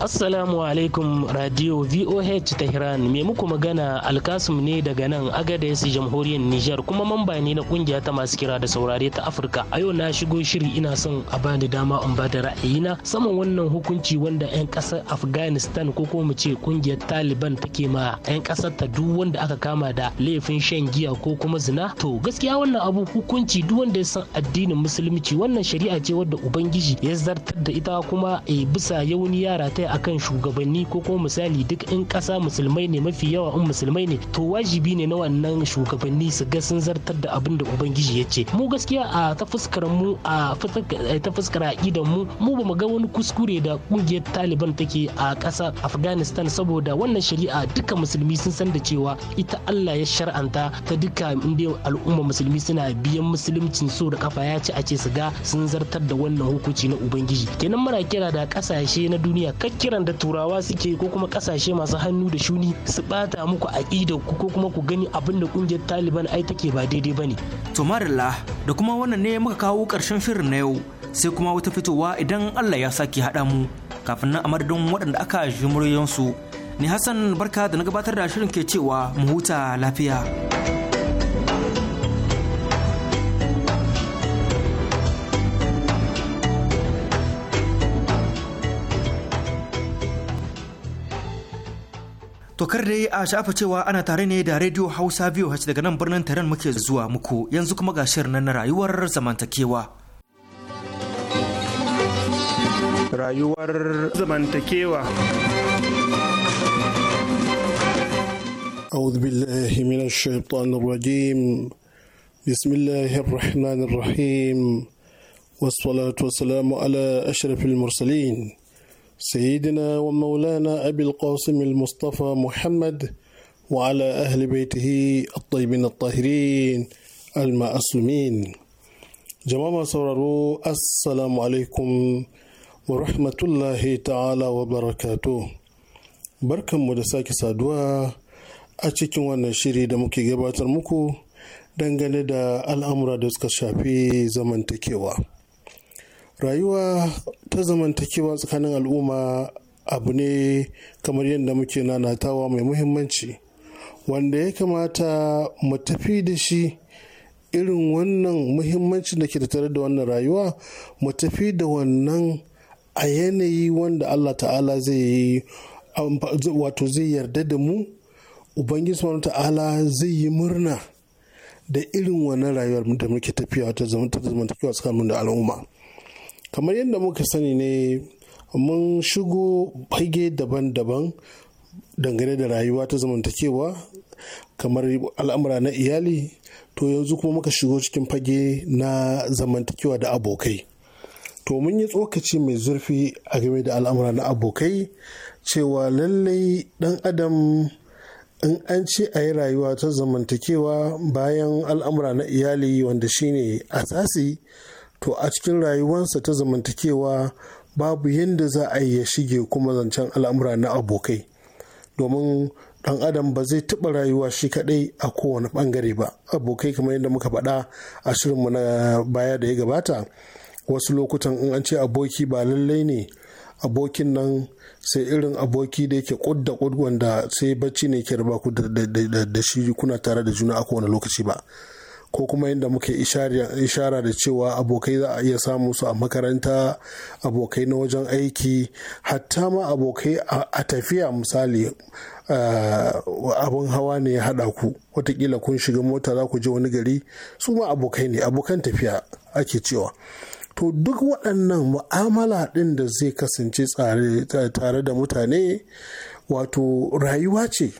assalamu alaikum radio voh tehran mai muku magana alkasum ne daga nan agadez jamhuriyar niger kuma mamba ne na kungiya ta masu kira da saurare ta afirka a yau na shigo shiri ina son a bani dama in ba da ra'ayina saman wannan hukunci wanda 'yan kasar afghanistan ko ko mu ce kungiyar taliban take ma 'yan kasar ta duk wanda aka kama da laifin shan giya ko kuma zina to gaskiya wannan abu hukunci duk wanda ya san addini addinin musulunci wannan shari'a ce wadda ubangiji ya zartar da ita kuma e, bisa yauni yara ta akan shugabanni ko kuma misali duk in kasa musulmai ne mafi yawa in musulmai ne to wajibi ne na wannan shugabanni su ga sun zartar da abin da ubangiji ya ce mu gaskiya a ta fuskar mu a eh, ta fuskar mu mu ba ga wani kuskure da kungiyar taliban take a kasa afghanistan saboda wannan shari'a duka musulmi sun san da cewa ita allah ya shar'anta ta duka inda al'umma musulmi suna biyan musuluncin so da kafa ya ci a ce su ga sun zartar da wannan hukunci na ubangiji kenan muna kira da kasashe na duniya kakkiran da turawa suke ko kuma kasashe masu hannu da shuni su bata muku aƙidar ku ko kuma ku gani abin da kungiyar taliban ai take ba daidai bane to marilla da kuma wannan ne muka kawo karshen shirin na yau sai kuma wata fitowa idan allah ya sake haɗa mu kafin nan a madadin waɗanda aka ji ne ni hassan barka da na gabatar da shirin ke cewa mu huta lafiya. To kar dai a shafa cewa ana tare ne da Radio Hausa VOH daga nan birnin taron muke zuwa muku yanzu kuma ga shirin nan na rayuwar zamantakewa. Rayuwar zamantakewa. أعوذ بالله من الشيطان الرجيم بسم الله الرحمن الرحيم والصلاة والسلام على أشرف المرسلين سيدنا ومولانا أبي القاسم المصطفى محمد وعلى أهل بيته الطيبين الطاهرين المأسومين جماعة سورارو السلام عليكم ورحمة الله تعالى وبركاته بركة مدساك سادوا أتشكي وانا شيري دمكي جبات المكو dangane da al'amura da suka shafi zamantakewa. rayuwa ta zamantakewa tsakanin al'umma abu ne kamar yadda muke nanatawa mai muhimmanci wanda ya kamata mu tafi da shi irin wannan muhimmancin da ke tattare da wannan rayuwa mu tafi da wannan a yanayi wanda Allah ta'ala zai yi wato zai yarda da mu ubangiji wani ta'ala zai yi murna da irin wannan rayuwar da muke tafiya ta kewa tsakanin da al'umma kamar yadda muka sani ne mun shigo fage daban-daban dangane da rayuwa ta zamantakewa kamar al'amura na iyali to yanzu kuma muka shigo cikin fage na zamantakewa da abokai to mun yi tsokaci mai zurfi a game da al'amura na abokai cewa lallai dan adam in an ce a yi rayuwa ta zamantakewa bayan al'amura na iyali wanda shine asasi to a cikin rayuwarsa ta zamantakewa babu yadda za a yi ya shige kuma zancen al'amura na abokai domin ɗan adam ba zai taɓa rayuwa shi kaɗai a kowane ɓangare ba abokai kamar yadda muka faɗa a shirinmu na baya da ya gabata wasu lokutan in an ce aboki ba lallai ne abokin nan sai irin aboki da yake kudda da wanda sai bacci ne ke raba ku da shi kuna tare da juna a kowane lokaci ba ko kuma yadda muke ishara da cewa abokai za a iya samu su a makaranta abokai na wajen aiki hatta ma abokai a tafiya misali abin hawa ne ya haɗa ku watakila kun shiga mota za ku je wani gari su ma abokai ne abokan tafiya ake cewa to duk waɗannan mu'amala ɗin da zai kasance tare da mutane wato rayuwa ce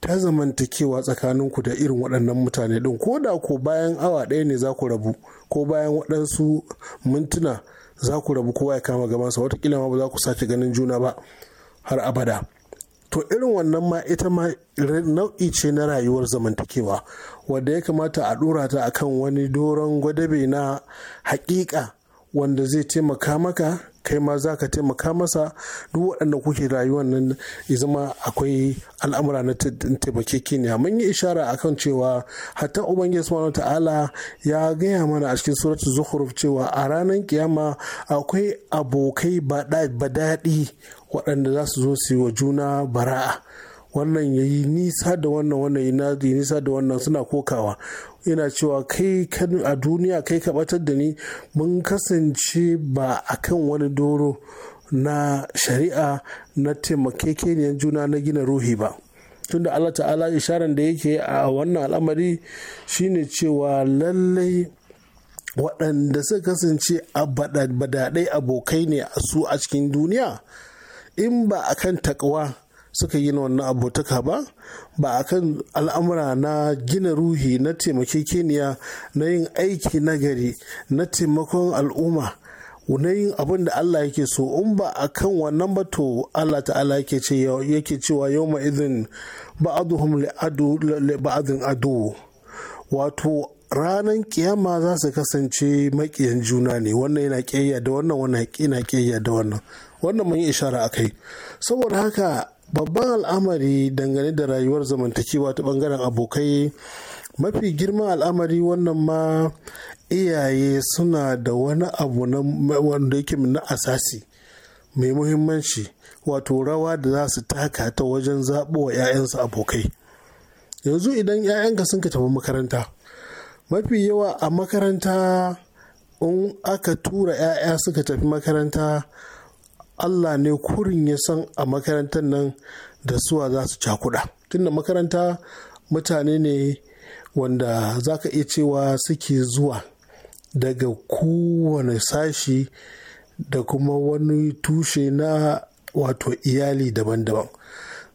ta zamantakewa tsakaninku da irin waɗannan mutane ɗin ko da ko bayan awa ɗaya ne za ku rabu ko bayan waɗansu mintuna za ku rabu kowa ya kama gabansa watakila ma ba za ku sake ganin juna ba har abada to irin wannan ma ita ma nau'i ce na rayuwar zamantakewa wanda ya kamata a ɗora ta akan wani doron gwadabe na haƙiƙa wanda zai taimaka maka kai ma za ka taimaka masa duk waɗanda kuke rayuwar nan ya zama akwai al'amura na taimakekeniya mun yi ishara a kan cewa hatta ubangiji subhanahu ta'ala ya gaya mana a cikin surat zuhruf cewa a ranar kiyama akwai abokai ba daɗi waɗanda za su zo su yi wa juna bara'a wannan ya yi nisa da wannan wannan ya yi nisa da wannan suna kokawa ina cewa kai a duniya kai ka batar da ni mun kasance ba a kan wani doro na shari'a na taimakekeniyar juna na gina ruhi ba tunda Allah ta'ala isharar da yake a wannan al'amari shine cewa lallai waɗanda suka kasance a badaɗai abokai ne a su a cikin duniya in ba a kan takwa suka yi na wannan abotaka ba ba a kan al'amura na gina ruhi na taimakekeniya na yin aiki nagari na taimakon al'umma na yin abin da Allah yake so in ba a kan wannan ba to Allah ta'ala yake cewa yau ma izin ba'aduhum ba'adun adu wato ranar kiyama za su kasance makiyan juna ne wannan yana ƙiyayya da wannan wannan yana ƙiyayya da wannan wannan mun yi ishara akai saboda haka babban al'amari dangane da rayuwar zamantakewa ta bangaren abokai mafi girman al'amari wannan ma iyaye suna da wani abu wanda yake na asasi mai muhimmanci wato rawa da za su taka ta wajen zaɓo wa 'ya'yansu abokai yanzu idan 'ya'yanka sun ka tafi makaranta mafi yawa a makaranta in aka tura 'ya'ya suka tafi makaranta Allah ne kurin ya san a makarantar nan da suwa za su cakuɗa tunda makaranta mutane ne wanda za ka iya cewa suke zuwa daga kowane sashi da kuma wani tushe na wato iyali daban-daban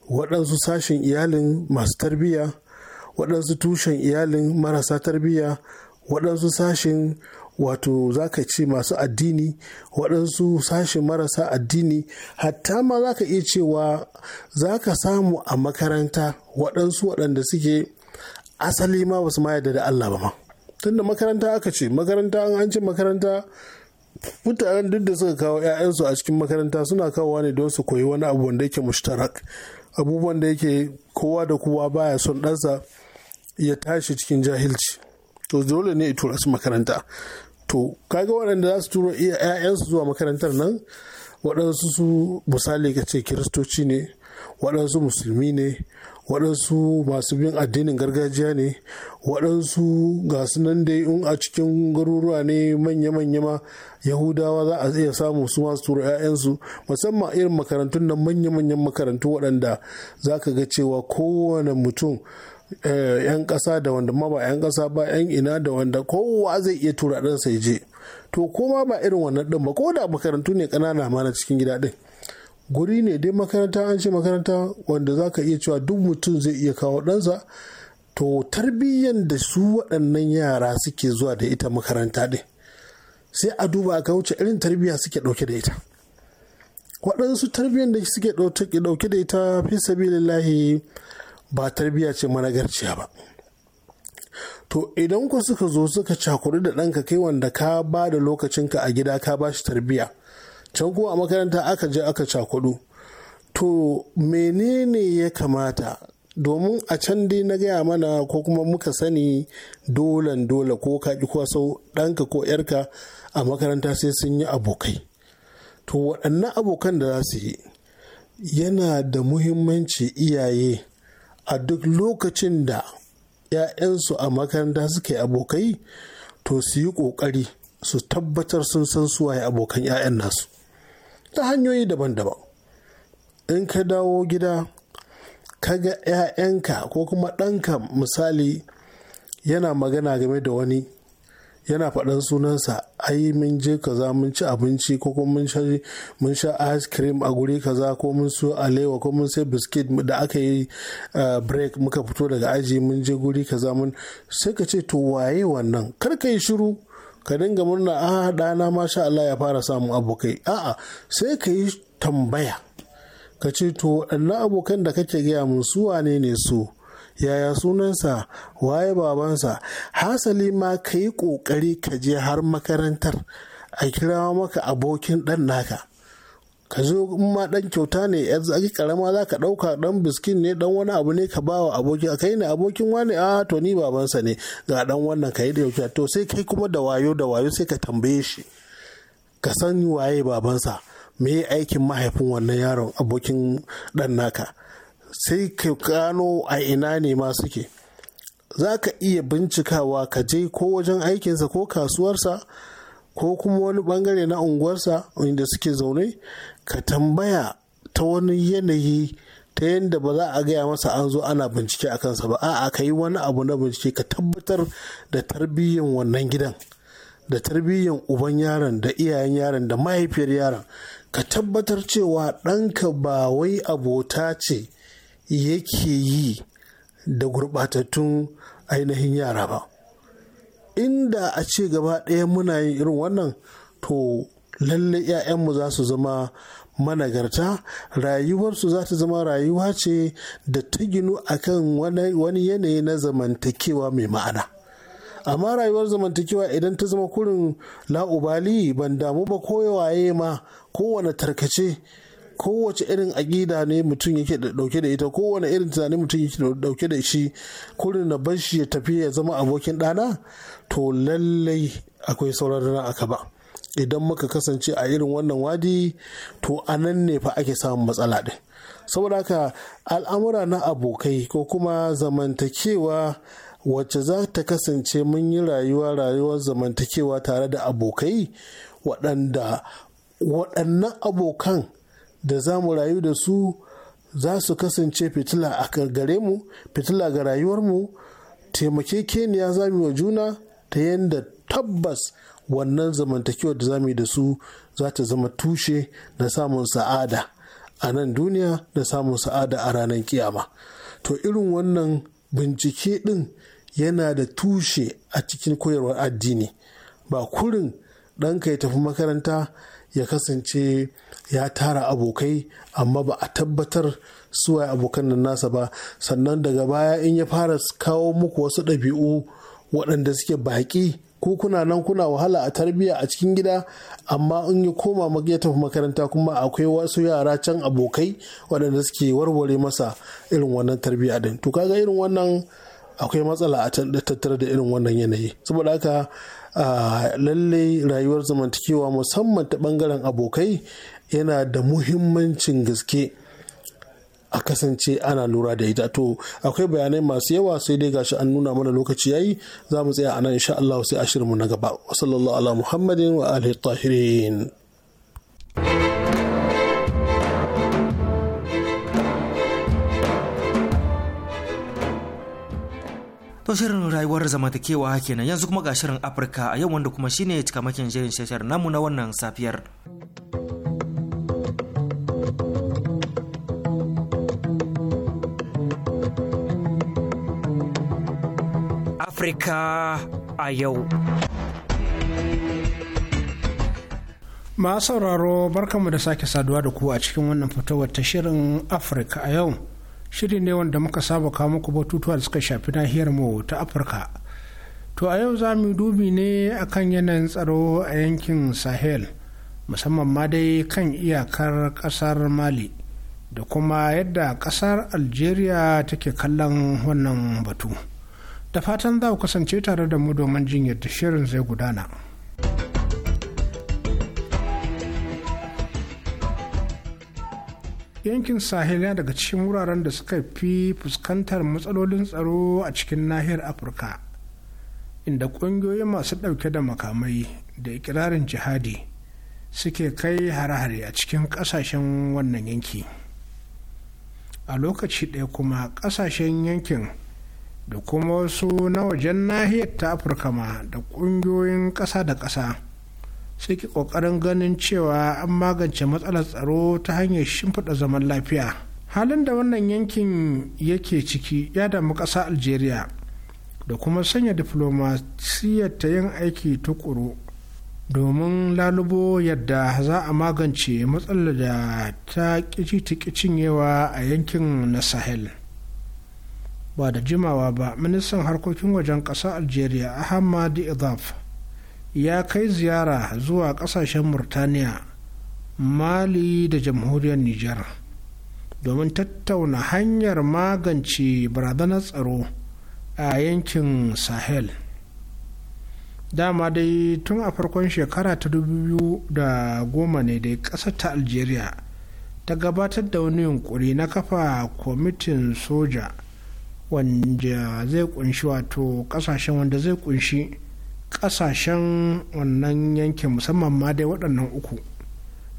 waɗansu sashen iyalin masu tarbiyya waɗansu tushen iyalin marasa tarbiyya waɗansu sashen wato za ka ce masu addini waɗansu sashen marasa addini hatta ma za ka iya cewa za ka samu a makaranta waɗansu waɗanda suke asali ma basu ma yadda da Allah ba ma tunda makaranta aka ce makaranta an an ce makaranta mutanen duk da suka kawo 'ya'yansu a cikin makaranta suna kawowa ne don su koyi wani abu wanda yake mushtarak abubuwan da yake kowa da kowa baya son ɗansa ya tashi cikin jahilci to dole ne ya tura su makaranta to kaga waɗanda za su turo 'ya'yansu zuwa makarantar nan waɗansu su misali ka ce kiristoci ne waɗansu musulmi ne waɗansu masu bin addinin gargajiya ne waɗansu ga su nan dai in a cikin garuruwa ne manya-manya ma yahudawa za a iya samu su masu tura 'ya'yansu musamman irin makarantun nan manya-manyan makarantu waɗanda za ka ga cewa kowane mutum Eh, 'yan ƙasa da wanda ma ba 'yan ƙasa ba 'yan ina da wanda kowa zai iya tura ɗansa ya je to koma ba irin wannan ɗin ba ko da makarantu ne ƙanana ma na cikin gida ɗin guri ne dai makaranta an ce makaranta wanda za ka iya cewa duk mutum zai iya kawo ɗansa to tarbiyyan da su waɗannan yara suke zuwa da ita makaranta ɗin sai a duba a wuce irin tarbiyya suke ɗauke da ita waɗansu tarbiyyar da suke ɗauke da ita fi sabilillahi ba tarbiyya ce managarciya ba to idan ku suka zo suka cakuri da ɗanka kai wanda ka ba da lokacinka a gida ka ba shi tarbiyya can kuma a makaranta aka je aka cakudu to menene ya kamata domin a can dai na gaya mana ko kuma muka sani dolan dole ko kaƙi ko sau ɗanka ko ‘yarka a makaranta sai sun yi abokai to waɗannan abokan da za su yi yana da muhimmanci iyaye a duk lokacin da 'ya'yansu a makaranta suke abokai to su yi ƙoƙari su tabbatar sun san suwaye abokan 'ya'yan nasu ta hanyoyi daban-daban in ka dawo gida ka ga 'ya'yanka ko kuma ɗanka misali yana magana game da wani yana faɗan sunansa ai mun je kaza mun ci abinci ko kuma mun sha ice cream a guri kaza ko mun so alewa ko mun sai biskit da aka yi eh, break muka fito daga aji mun je guri kaza mun sai ka ce to waye wannan kar ka yi shiru ka dinga murna a ah, na masha Allah ya fara samun abokai a'a sai ka yi tambaya ka ce to waɗannan abokan da kake gaya mun su wane ne su yaya sunansa waye babansa hasali ma ka yi ƙoƙari ka je har makarantar a kira maka abokin ɗan naka ka zo in ma dan kyauta ne yar zaki karama za ka dauka dan biskin ne dan wani abu ne ka ba wa abokin kai ne abokin wani a to ni babansa ne ga dan wannan ka yi da yauki to sai kai kuma da wayo da wayo sai ka tambaye shi ka san waye babansa me aikin mahaifin wannan yaron abokin dan naka sai ka gano a ina ne ma suke za ka iya bincikawa ka je ko wajen aikinsa ko kasuwarsa ko kuma wani bangare na unguwarsa inda suke zaune ka tambaya ta wani yanayi ta yadda ba za a gaya masa an zo ana bincike a kansa ba a'a ka yi wani abu na bincike ka tabbatar da tarbiyyan wannan gidan da tarbiyyan uban yaron da iyayen yaron da mahaifiyar yaron ka tabbatar cewa ɗanka ba wai abota ce yake yi da gurɓatattun ainihin yara ba inda a ce gaba ɗaya muna yin irin wannan to lalle 'ya'yanmu za su zama managarta rayuwarsu za ta zama rayuwa ce da ta ginu akan wani yanayi na zamantakewa mai ma'ana amma rayuwar zamantakewa idan ta zama kurin la'ubali ban damu ba waye ma kowane tarkace kowace irin aƙida ne mutum yake dauke da ita kowane irin tunani mutum yake dauke da shi kurin na bar shi ya tafi ya zama abokin ɗana to lallai akwai sauran na aka ba idan muka kasance a irin wannan wadi to a nan ne fa ake samun matsala ɗin saboda haka al'amura na abokai ko kuma zamantakewa wacce za ta kasance mun yi rayuwa rayuwar zamantakewa tare da abokai waɗanda waɗannan abokan da za mu rayu da su za su kasance fitila a gare mu fitila ga rayuwarmu taimakekeniya za mu wa juna ta yadda tabbas wannan zamantakewar da za mu yi da su za ta zama tushe na samun sa'ada a nan duniya da samun sa'ada a ranar kiyama to irin wannan bincike ɗin yana da tushe a cikin koyarwar addini ba kurin ɗanka ya tafi makaranta ya kasance ya tara abokai amma ba a tabbatar suwaye abokan nan nasa ba sannan daga baya in ya fara kawo muku wasu ɗabi'u waɗanda suke baƙi ko kuna nan kuna wahala a tarbiyya a cikin gida amma in ya koma ya tafi makaranta kuma akwai wasu yara can abokai waɗanda suke warware masa irin wannan tarbiyya din to kaga irin wannan akwai matsala a tattare da irin wannan yanayi saboda haka ah, lalle rayuwar zamantakewa musamman ta bangaren abokai yana da muhimmancin gaske a kasance ana lura da ita to akwai bayanai masu yawa sai dai gashi an nuna mana lokaci yayi za mu tsaya anan nan insha Allah sai a mu na gaba wa sallallahu ala muhammadin wa alihi tahirin To shirin rayuwar zamantakewa kenan yanzu kuma ga shirin Afirka a yau wanda kuma shine cikamakin jirin shashar namu na wannan safiyar. Afirka a yau. Ma sauraro barkanmu da sake saduwa da ku a cikin wannan fitowar ta shirin Afirka a yau. Shiri ne wanda muka saba kawo muku batutuwa da suka shafi nahiyar mu ta Afirka. To a yau za mu dubi ne akan yanayin tsaro a yankin Sahel, musamman ma dai kan iyakar kasar Mali da kuma yadda kasar Algeria take kallon wannan batu. da fatan za ku kasance tare da mu domin jin yadda shirin zai gudana. yankin sahel daga cikin wuraren da suka fi fuskantar matsalolin tsaro a cikin nahiyar afirka inda ƙungiyoyi masu ɗauke da makamai da ikirarin jihadi suke kai hare-hare a cikin ƙasashen wannan yanki a lokaci ɗaya kuma ƙasashen yankin da kuma wasu na wajen nahiyar ta afirka ma da kungiyoyin kasa da ƙasa suke kokarin ganin cewa an magance matsalar tsaro ta hanyar shimfiɗa zaman lafiya halin da wannan yankin yake ciki ya damu ƙasa algeria da kuma sanya diflomasiyyar ta yin aiki tukuru domin lalubo yadda za a magance matsalar da ta ƙici ta cinyewa a yankin na sahel ba da jimawa ba ministan harkokin wajen ƙasa algeria ahmad idaf ya kai ziyara zuwa ƙasashen murtaniya mali da jamhuriyar niger domin tattauna hanyar magance barazanar tsaro a yankin sahel dama dai tun a farkon shekara ta da goma ne dai ƙasa ta algeria ta gabatar da wani yunkuri na kafa kwamitin soja wanda zai kunshi wato kasashen wanda zai kunshi kasashen wannan yankin musamman ma dai waɗannan uku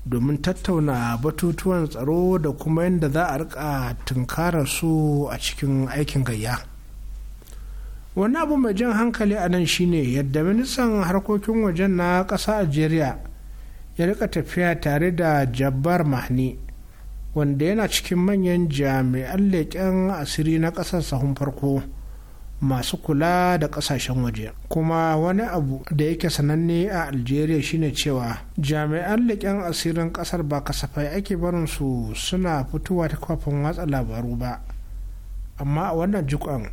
domin tattauna batutuwan tsaro da kuma yadda za a rika tunkara su a cikin aikin gayya wani abu mai jan hankali a nan shine yadda ministan harkokin wajen na ƙasa algeria ya rika tafiya tare da jabbar mahni wanda yana cikin manyan jami'an leƙen asiri na ƙasar sahun farko masu kula da ƙasashen waje kuma wani abu da yake sananne a algeria shine cewa jami'an leƙen asirin ƙasar ba kasafai ake su suna fitowa ta kafin watsa labaru ba amma a wannan jikon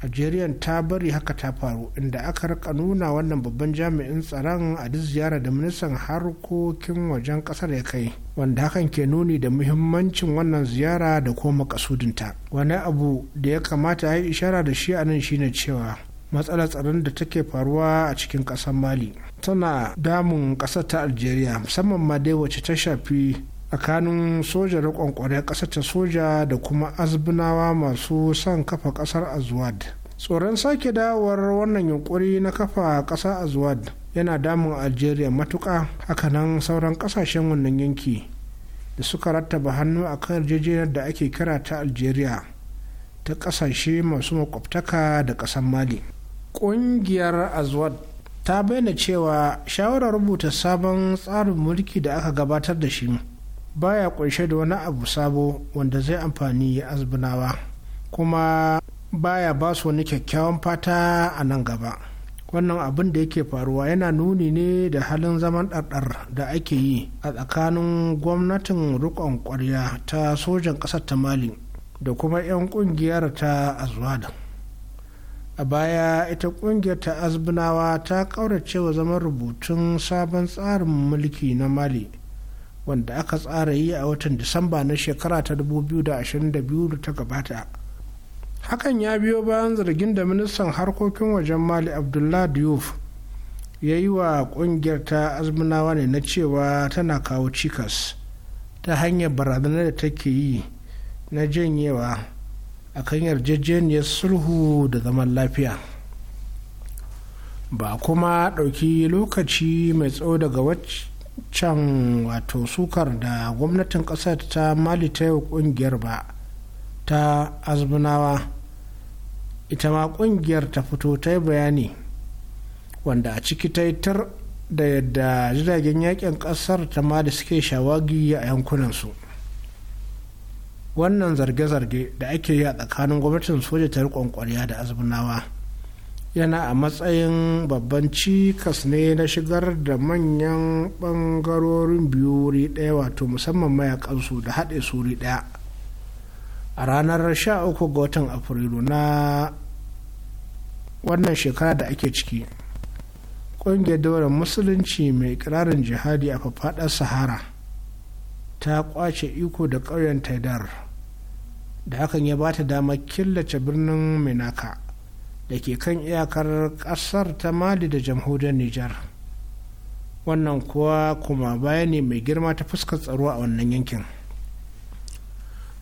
algeria ta bari haka ta faru inda aka rika nuna wannan babban jami'in tsaron a duk ziyara da ministan harkokin wajen kasar ya kai wanda hakan ke nuni da muhimmancin wannan ziyara da kuma makasudinta wani abu da ya kamata a yi ishara da shi a nan shine cewa matsalar tsaron da take faruwa a cikin ƙasar mali tana damun ƙasar ta algeria musamman ma dai wace ta shafi tsakanin soja da kwankwariyar ƙasar ta soja da kuma azbinawa masu son kafa ƙasar azuwad tsoron sake dawowar wannan yunkuri na kafa ƙasa azuwad yana damun algeria matuƙa hakanan sauran ƙasashen wannan yanki da suka rattaba hannu a kan yarjejeniyar da ake kira ta algeria ta ƙasashe masu makwabtaka da ƙasar mali ƙungiyar azuwad ta bayyana cewa shawarar rubuta sabon tsarin mulki da aka gabatar da shi baya kunshe da wani abu sabo wanda zai amfani azbinawa kuma baya ba su wani kyakkyawan fata a nan gaba wannan abin da yake faruwa yana nuni ne da halin zaman ɗarɗar da ake yi a tsakanin gwamnatin rikon ƙwarya ta sojan ƙasar ta mali da kuma 'yan ƙungiyar ta azwada a baya ita ƙungiyar ta azbinawa ta ƙauracewa zaman rubutun sabon tsarin mulki na mali wanda aka tsara yi a watan disamba na shekara ta 2022 da ta gabata hakan ya biyo bayan zargin da ministan harkokin wajen mali abdullah diouf ya yi wa kungiyar ta azminawa ne na cewa tana kawo cikas ta hanyar barazanar da take yi na janyewa a kan yarjejeniyar sulhu da zaman lafiya ba kuma ɗauki lokaci mai tsawo daga wacce can wato sukar da gwamnatin kasar ta mali ta yi kungiyar ba ta azbunawa ita ma kungiyar ta fito ta yi bayani wanda a ciki ta yi tar da yadda jiragen yakin kasar ta mali suke shawagi a yankunansu wannan zarge-zarge da ake yi a tsakanin gwamnatin soja ta riƙon ƙwarya da azbunawa yana a matsayin babban cikas ne na shigar da manyan bangarorin biyu wuri ɗaya wato musamman mayakansu da haɗe su wuri ɗaya a ranar 13 ga watan afrilu na wannan shekara da ake ciki ƙungiyar daular musulunci mai ƙirarin jihadi a fafaɗar sahara ta ƙwace iko da ƙauyen taidar da hakan ya ba ta damar killace birnin minaka da ke kan iyakar ƙasar ta mali da jamhuriyar nijar wannan kuwa kuma baya ne mai girma ta fuskar tsaro a wannan yankin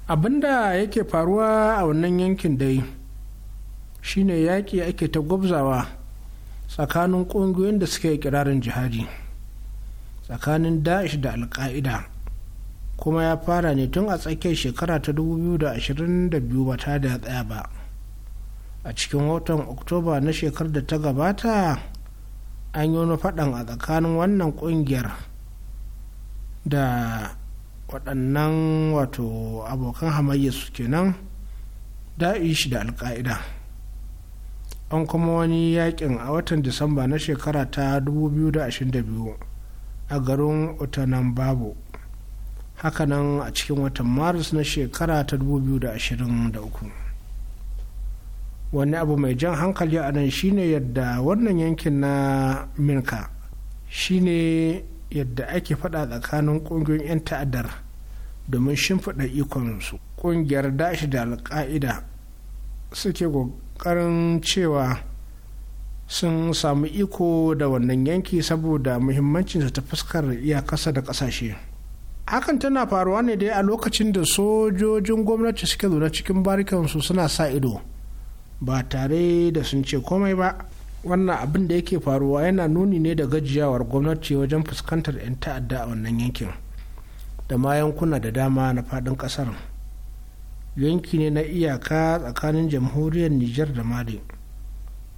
abinda yake faruwa a wannan yankin dai shine yaƙi ake ta gwabzawa tsakanin ƙungiyoyin da suke kirarin jihadi tsakanin da'ish da alka'ida kuma ya fara ne tun a tsakiyar shekara ta 2022 ba ta da tsaya ba a cikin watan oktoba na shekar da ta gabata an yi wani faɗan a tsakanin wannan ƙungiyar da waɗannan wato abokan hamayya su kenan da'ish da alka'ida an kuma wani yakin a watan disamba na shekara ta 2022 a garin otanan babu hakanan a cikin watan maris na shekara ta 2023 wani abu mai jan hankali a nan shine yadda wannan yankin na minka shine yadda ake fada tsakanin kungiyoyin 'yan ta'addar domin shimfiɗa su kungiyar dashi da alka'ida suke ƙoƙarin cewa sun samu iko da wannan yanki saboda muhimmancinsa ta fuskar iyakarsa da ƙasashe hakan tana faruwa ne dai a lokacin da sojojin gwamnati suke zaune cikin barikansu suna sa ido ba tare da sun ce komai ba wannan abin da yake faruwa yana nuni ne da gajiyawar gwamnati wajen fuskantar 'yan ta'adda a wannan yankin da ma yankuna da dama na faɗin ƙasar yanki ne na iyaka tsakanin jamhuriyar niger da mali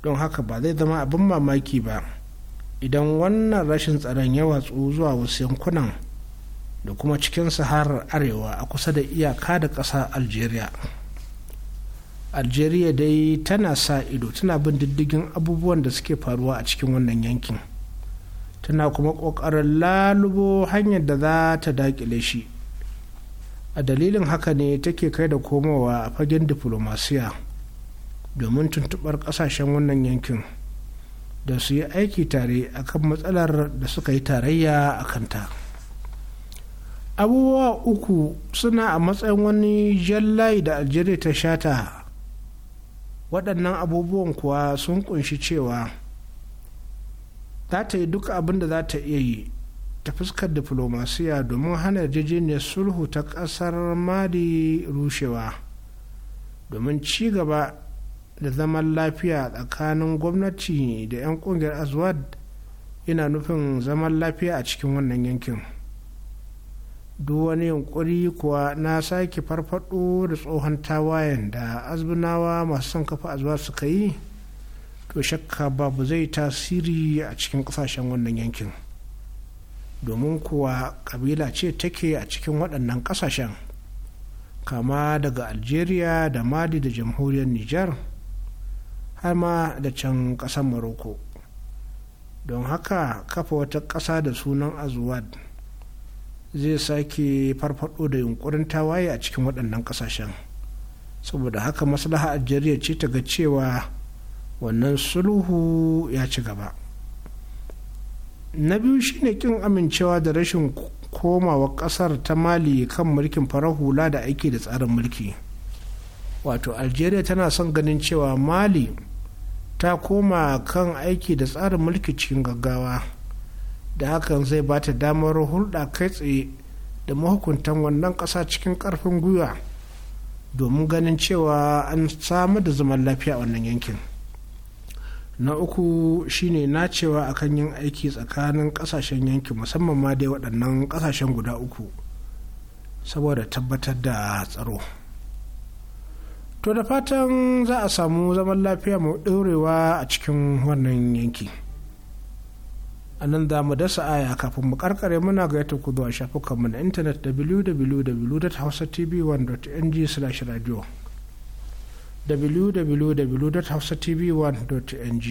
don haka ba zai zama abin mamaki ba idan wannan rashin tsaron ya watsu zuwa wasu yankunan da kuma cikin saharar arewa a kusa da iyaka da ƙasa algeria algeria dai tana sa ido tana bin diddigin abubuwan da suke faruwa a cikin wannan yankin tana kuma kokarin lalubo hanyar da za ta daƙile shi a dalilin haka ne take kai da komowa a fagen diflomasiya domin tuntuɓar ƙasashen wannan yankin da su yi aiki tare a kan matsalar da suka yi tarayya a kanta abubuwa uku suna a matsayin wani jallayi da algeria ta shata waɗannan abubuwan kuwa sun kunshi cewa za ta yi duk abin da za ta iya yi ta fuskar diflomasiya domin hana yarjejeniyar sulhu ta ƙasar madi rushewa domin ci gaba da zaman lafiya tsakanin gwamnati da 'yan ƙungiyar azwad yana nufin zaman lafiya a cikin wannan yankin. duk wani yunkuri kuwa na sake farfado da tsohon tawayen da azbinawa masu son kafa azuwa suka yi to shakka babu zai tasiri a cikin kasashen wannan yankin domin kuwa kabila ce take a cikin waɗannan kasashen kama daga algeria da mali da jamhuriyar niger har ma da can ƙasar Maroko, don haka kafa wata ƙasa da sunan azuwad zai sake farfado da yunkurin tawaye a cikin waɗannan ƙasashen saboda haka maslaha Aljeriya ce ta ga cewa wannan sulhu ya ci gaba na biyu shine kin amincewa da rashin komawa ƙasar ta mali kan mulkin farar hula da aiki da tsarin mulki wato algeria tana son ganin cewa mali ta koma kan aiki da tsarin mulki cikin gaggawa da hakan zai ba ta damar hulɗa kai tsaye da mahukuntan wannan ƙasa cikin ƙarfin gwiwa domin ganin cewa an samar da zaman lafiya a wannan yankin na uku shine nacewa akan yin aiki tsakanin ƙasashen yankin musamman ma dai waɗannan ƙasashen guda uku saboda tabbatar da tsaro to da fatan za a samu zaman lafiya mu ɗorewa a cikin wannan yankin. a nan za mu dasa aya kafin mu karkare muna gaita ku zuwa shafukanmu na intanet www.hausatv1.ng/radio www.hausatv1.ng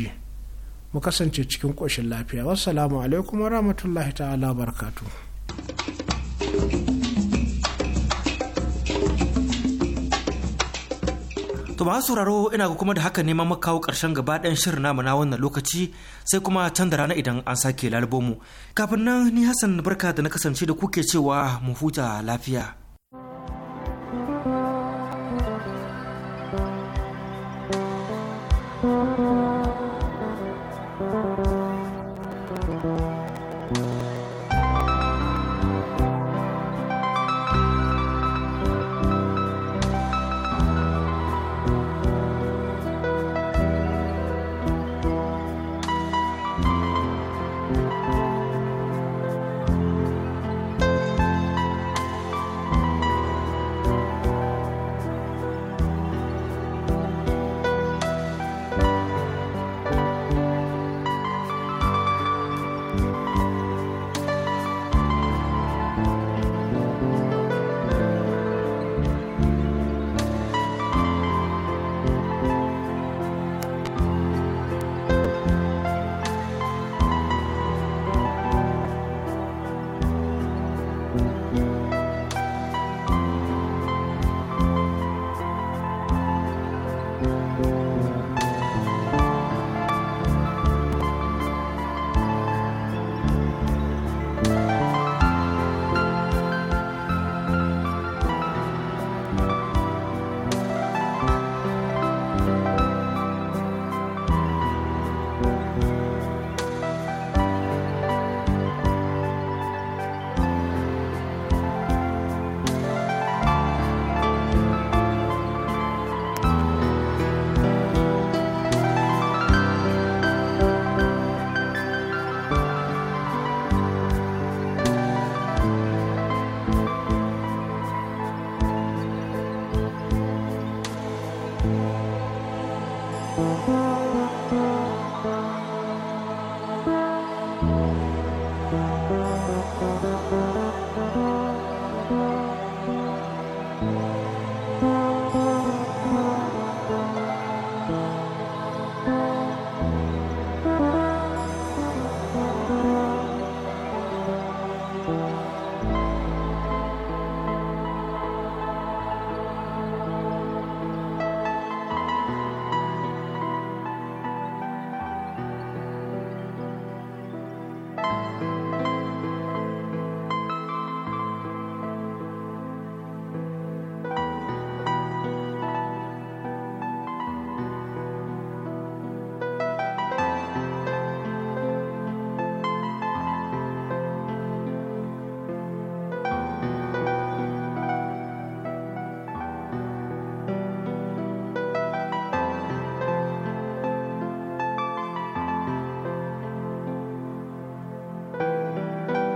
mu kasance cikin ƙoshin lafiya wassalamu alaikum wa rahmatullahi ta'ala barkatu. To ba sauraro ina kuma da haka neman makawo karshen gaba ɗayan shirin namu na wannan lokaci sai kuma can da rana idan an sake lalbomu. Kafin nan ni Hassan barka da na kasance da kuke cewa mu huta lafiya.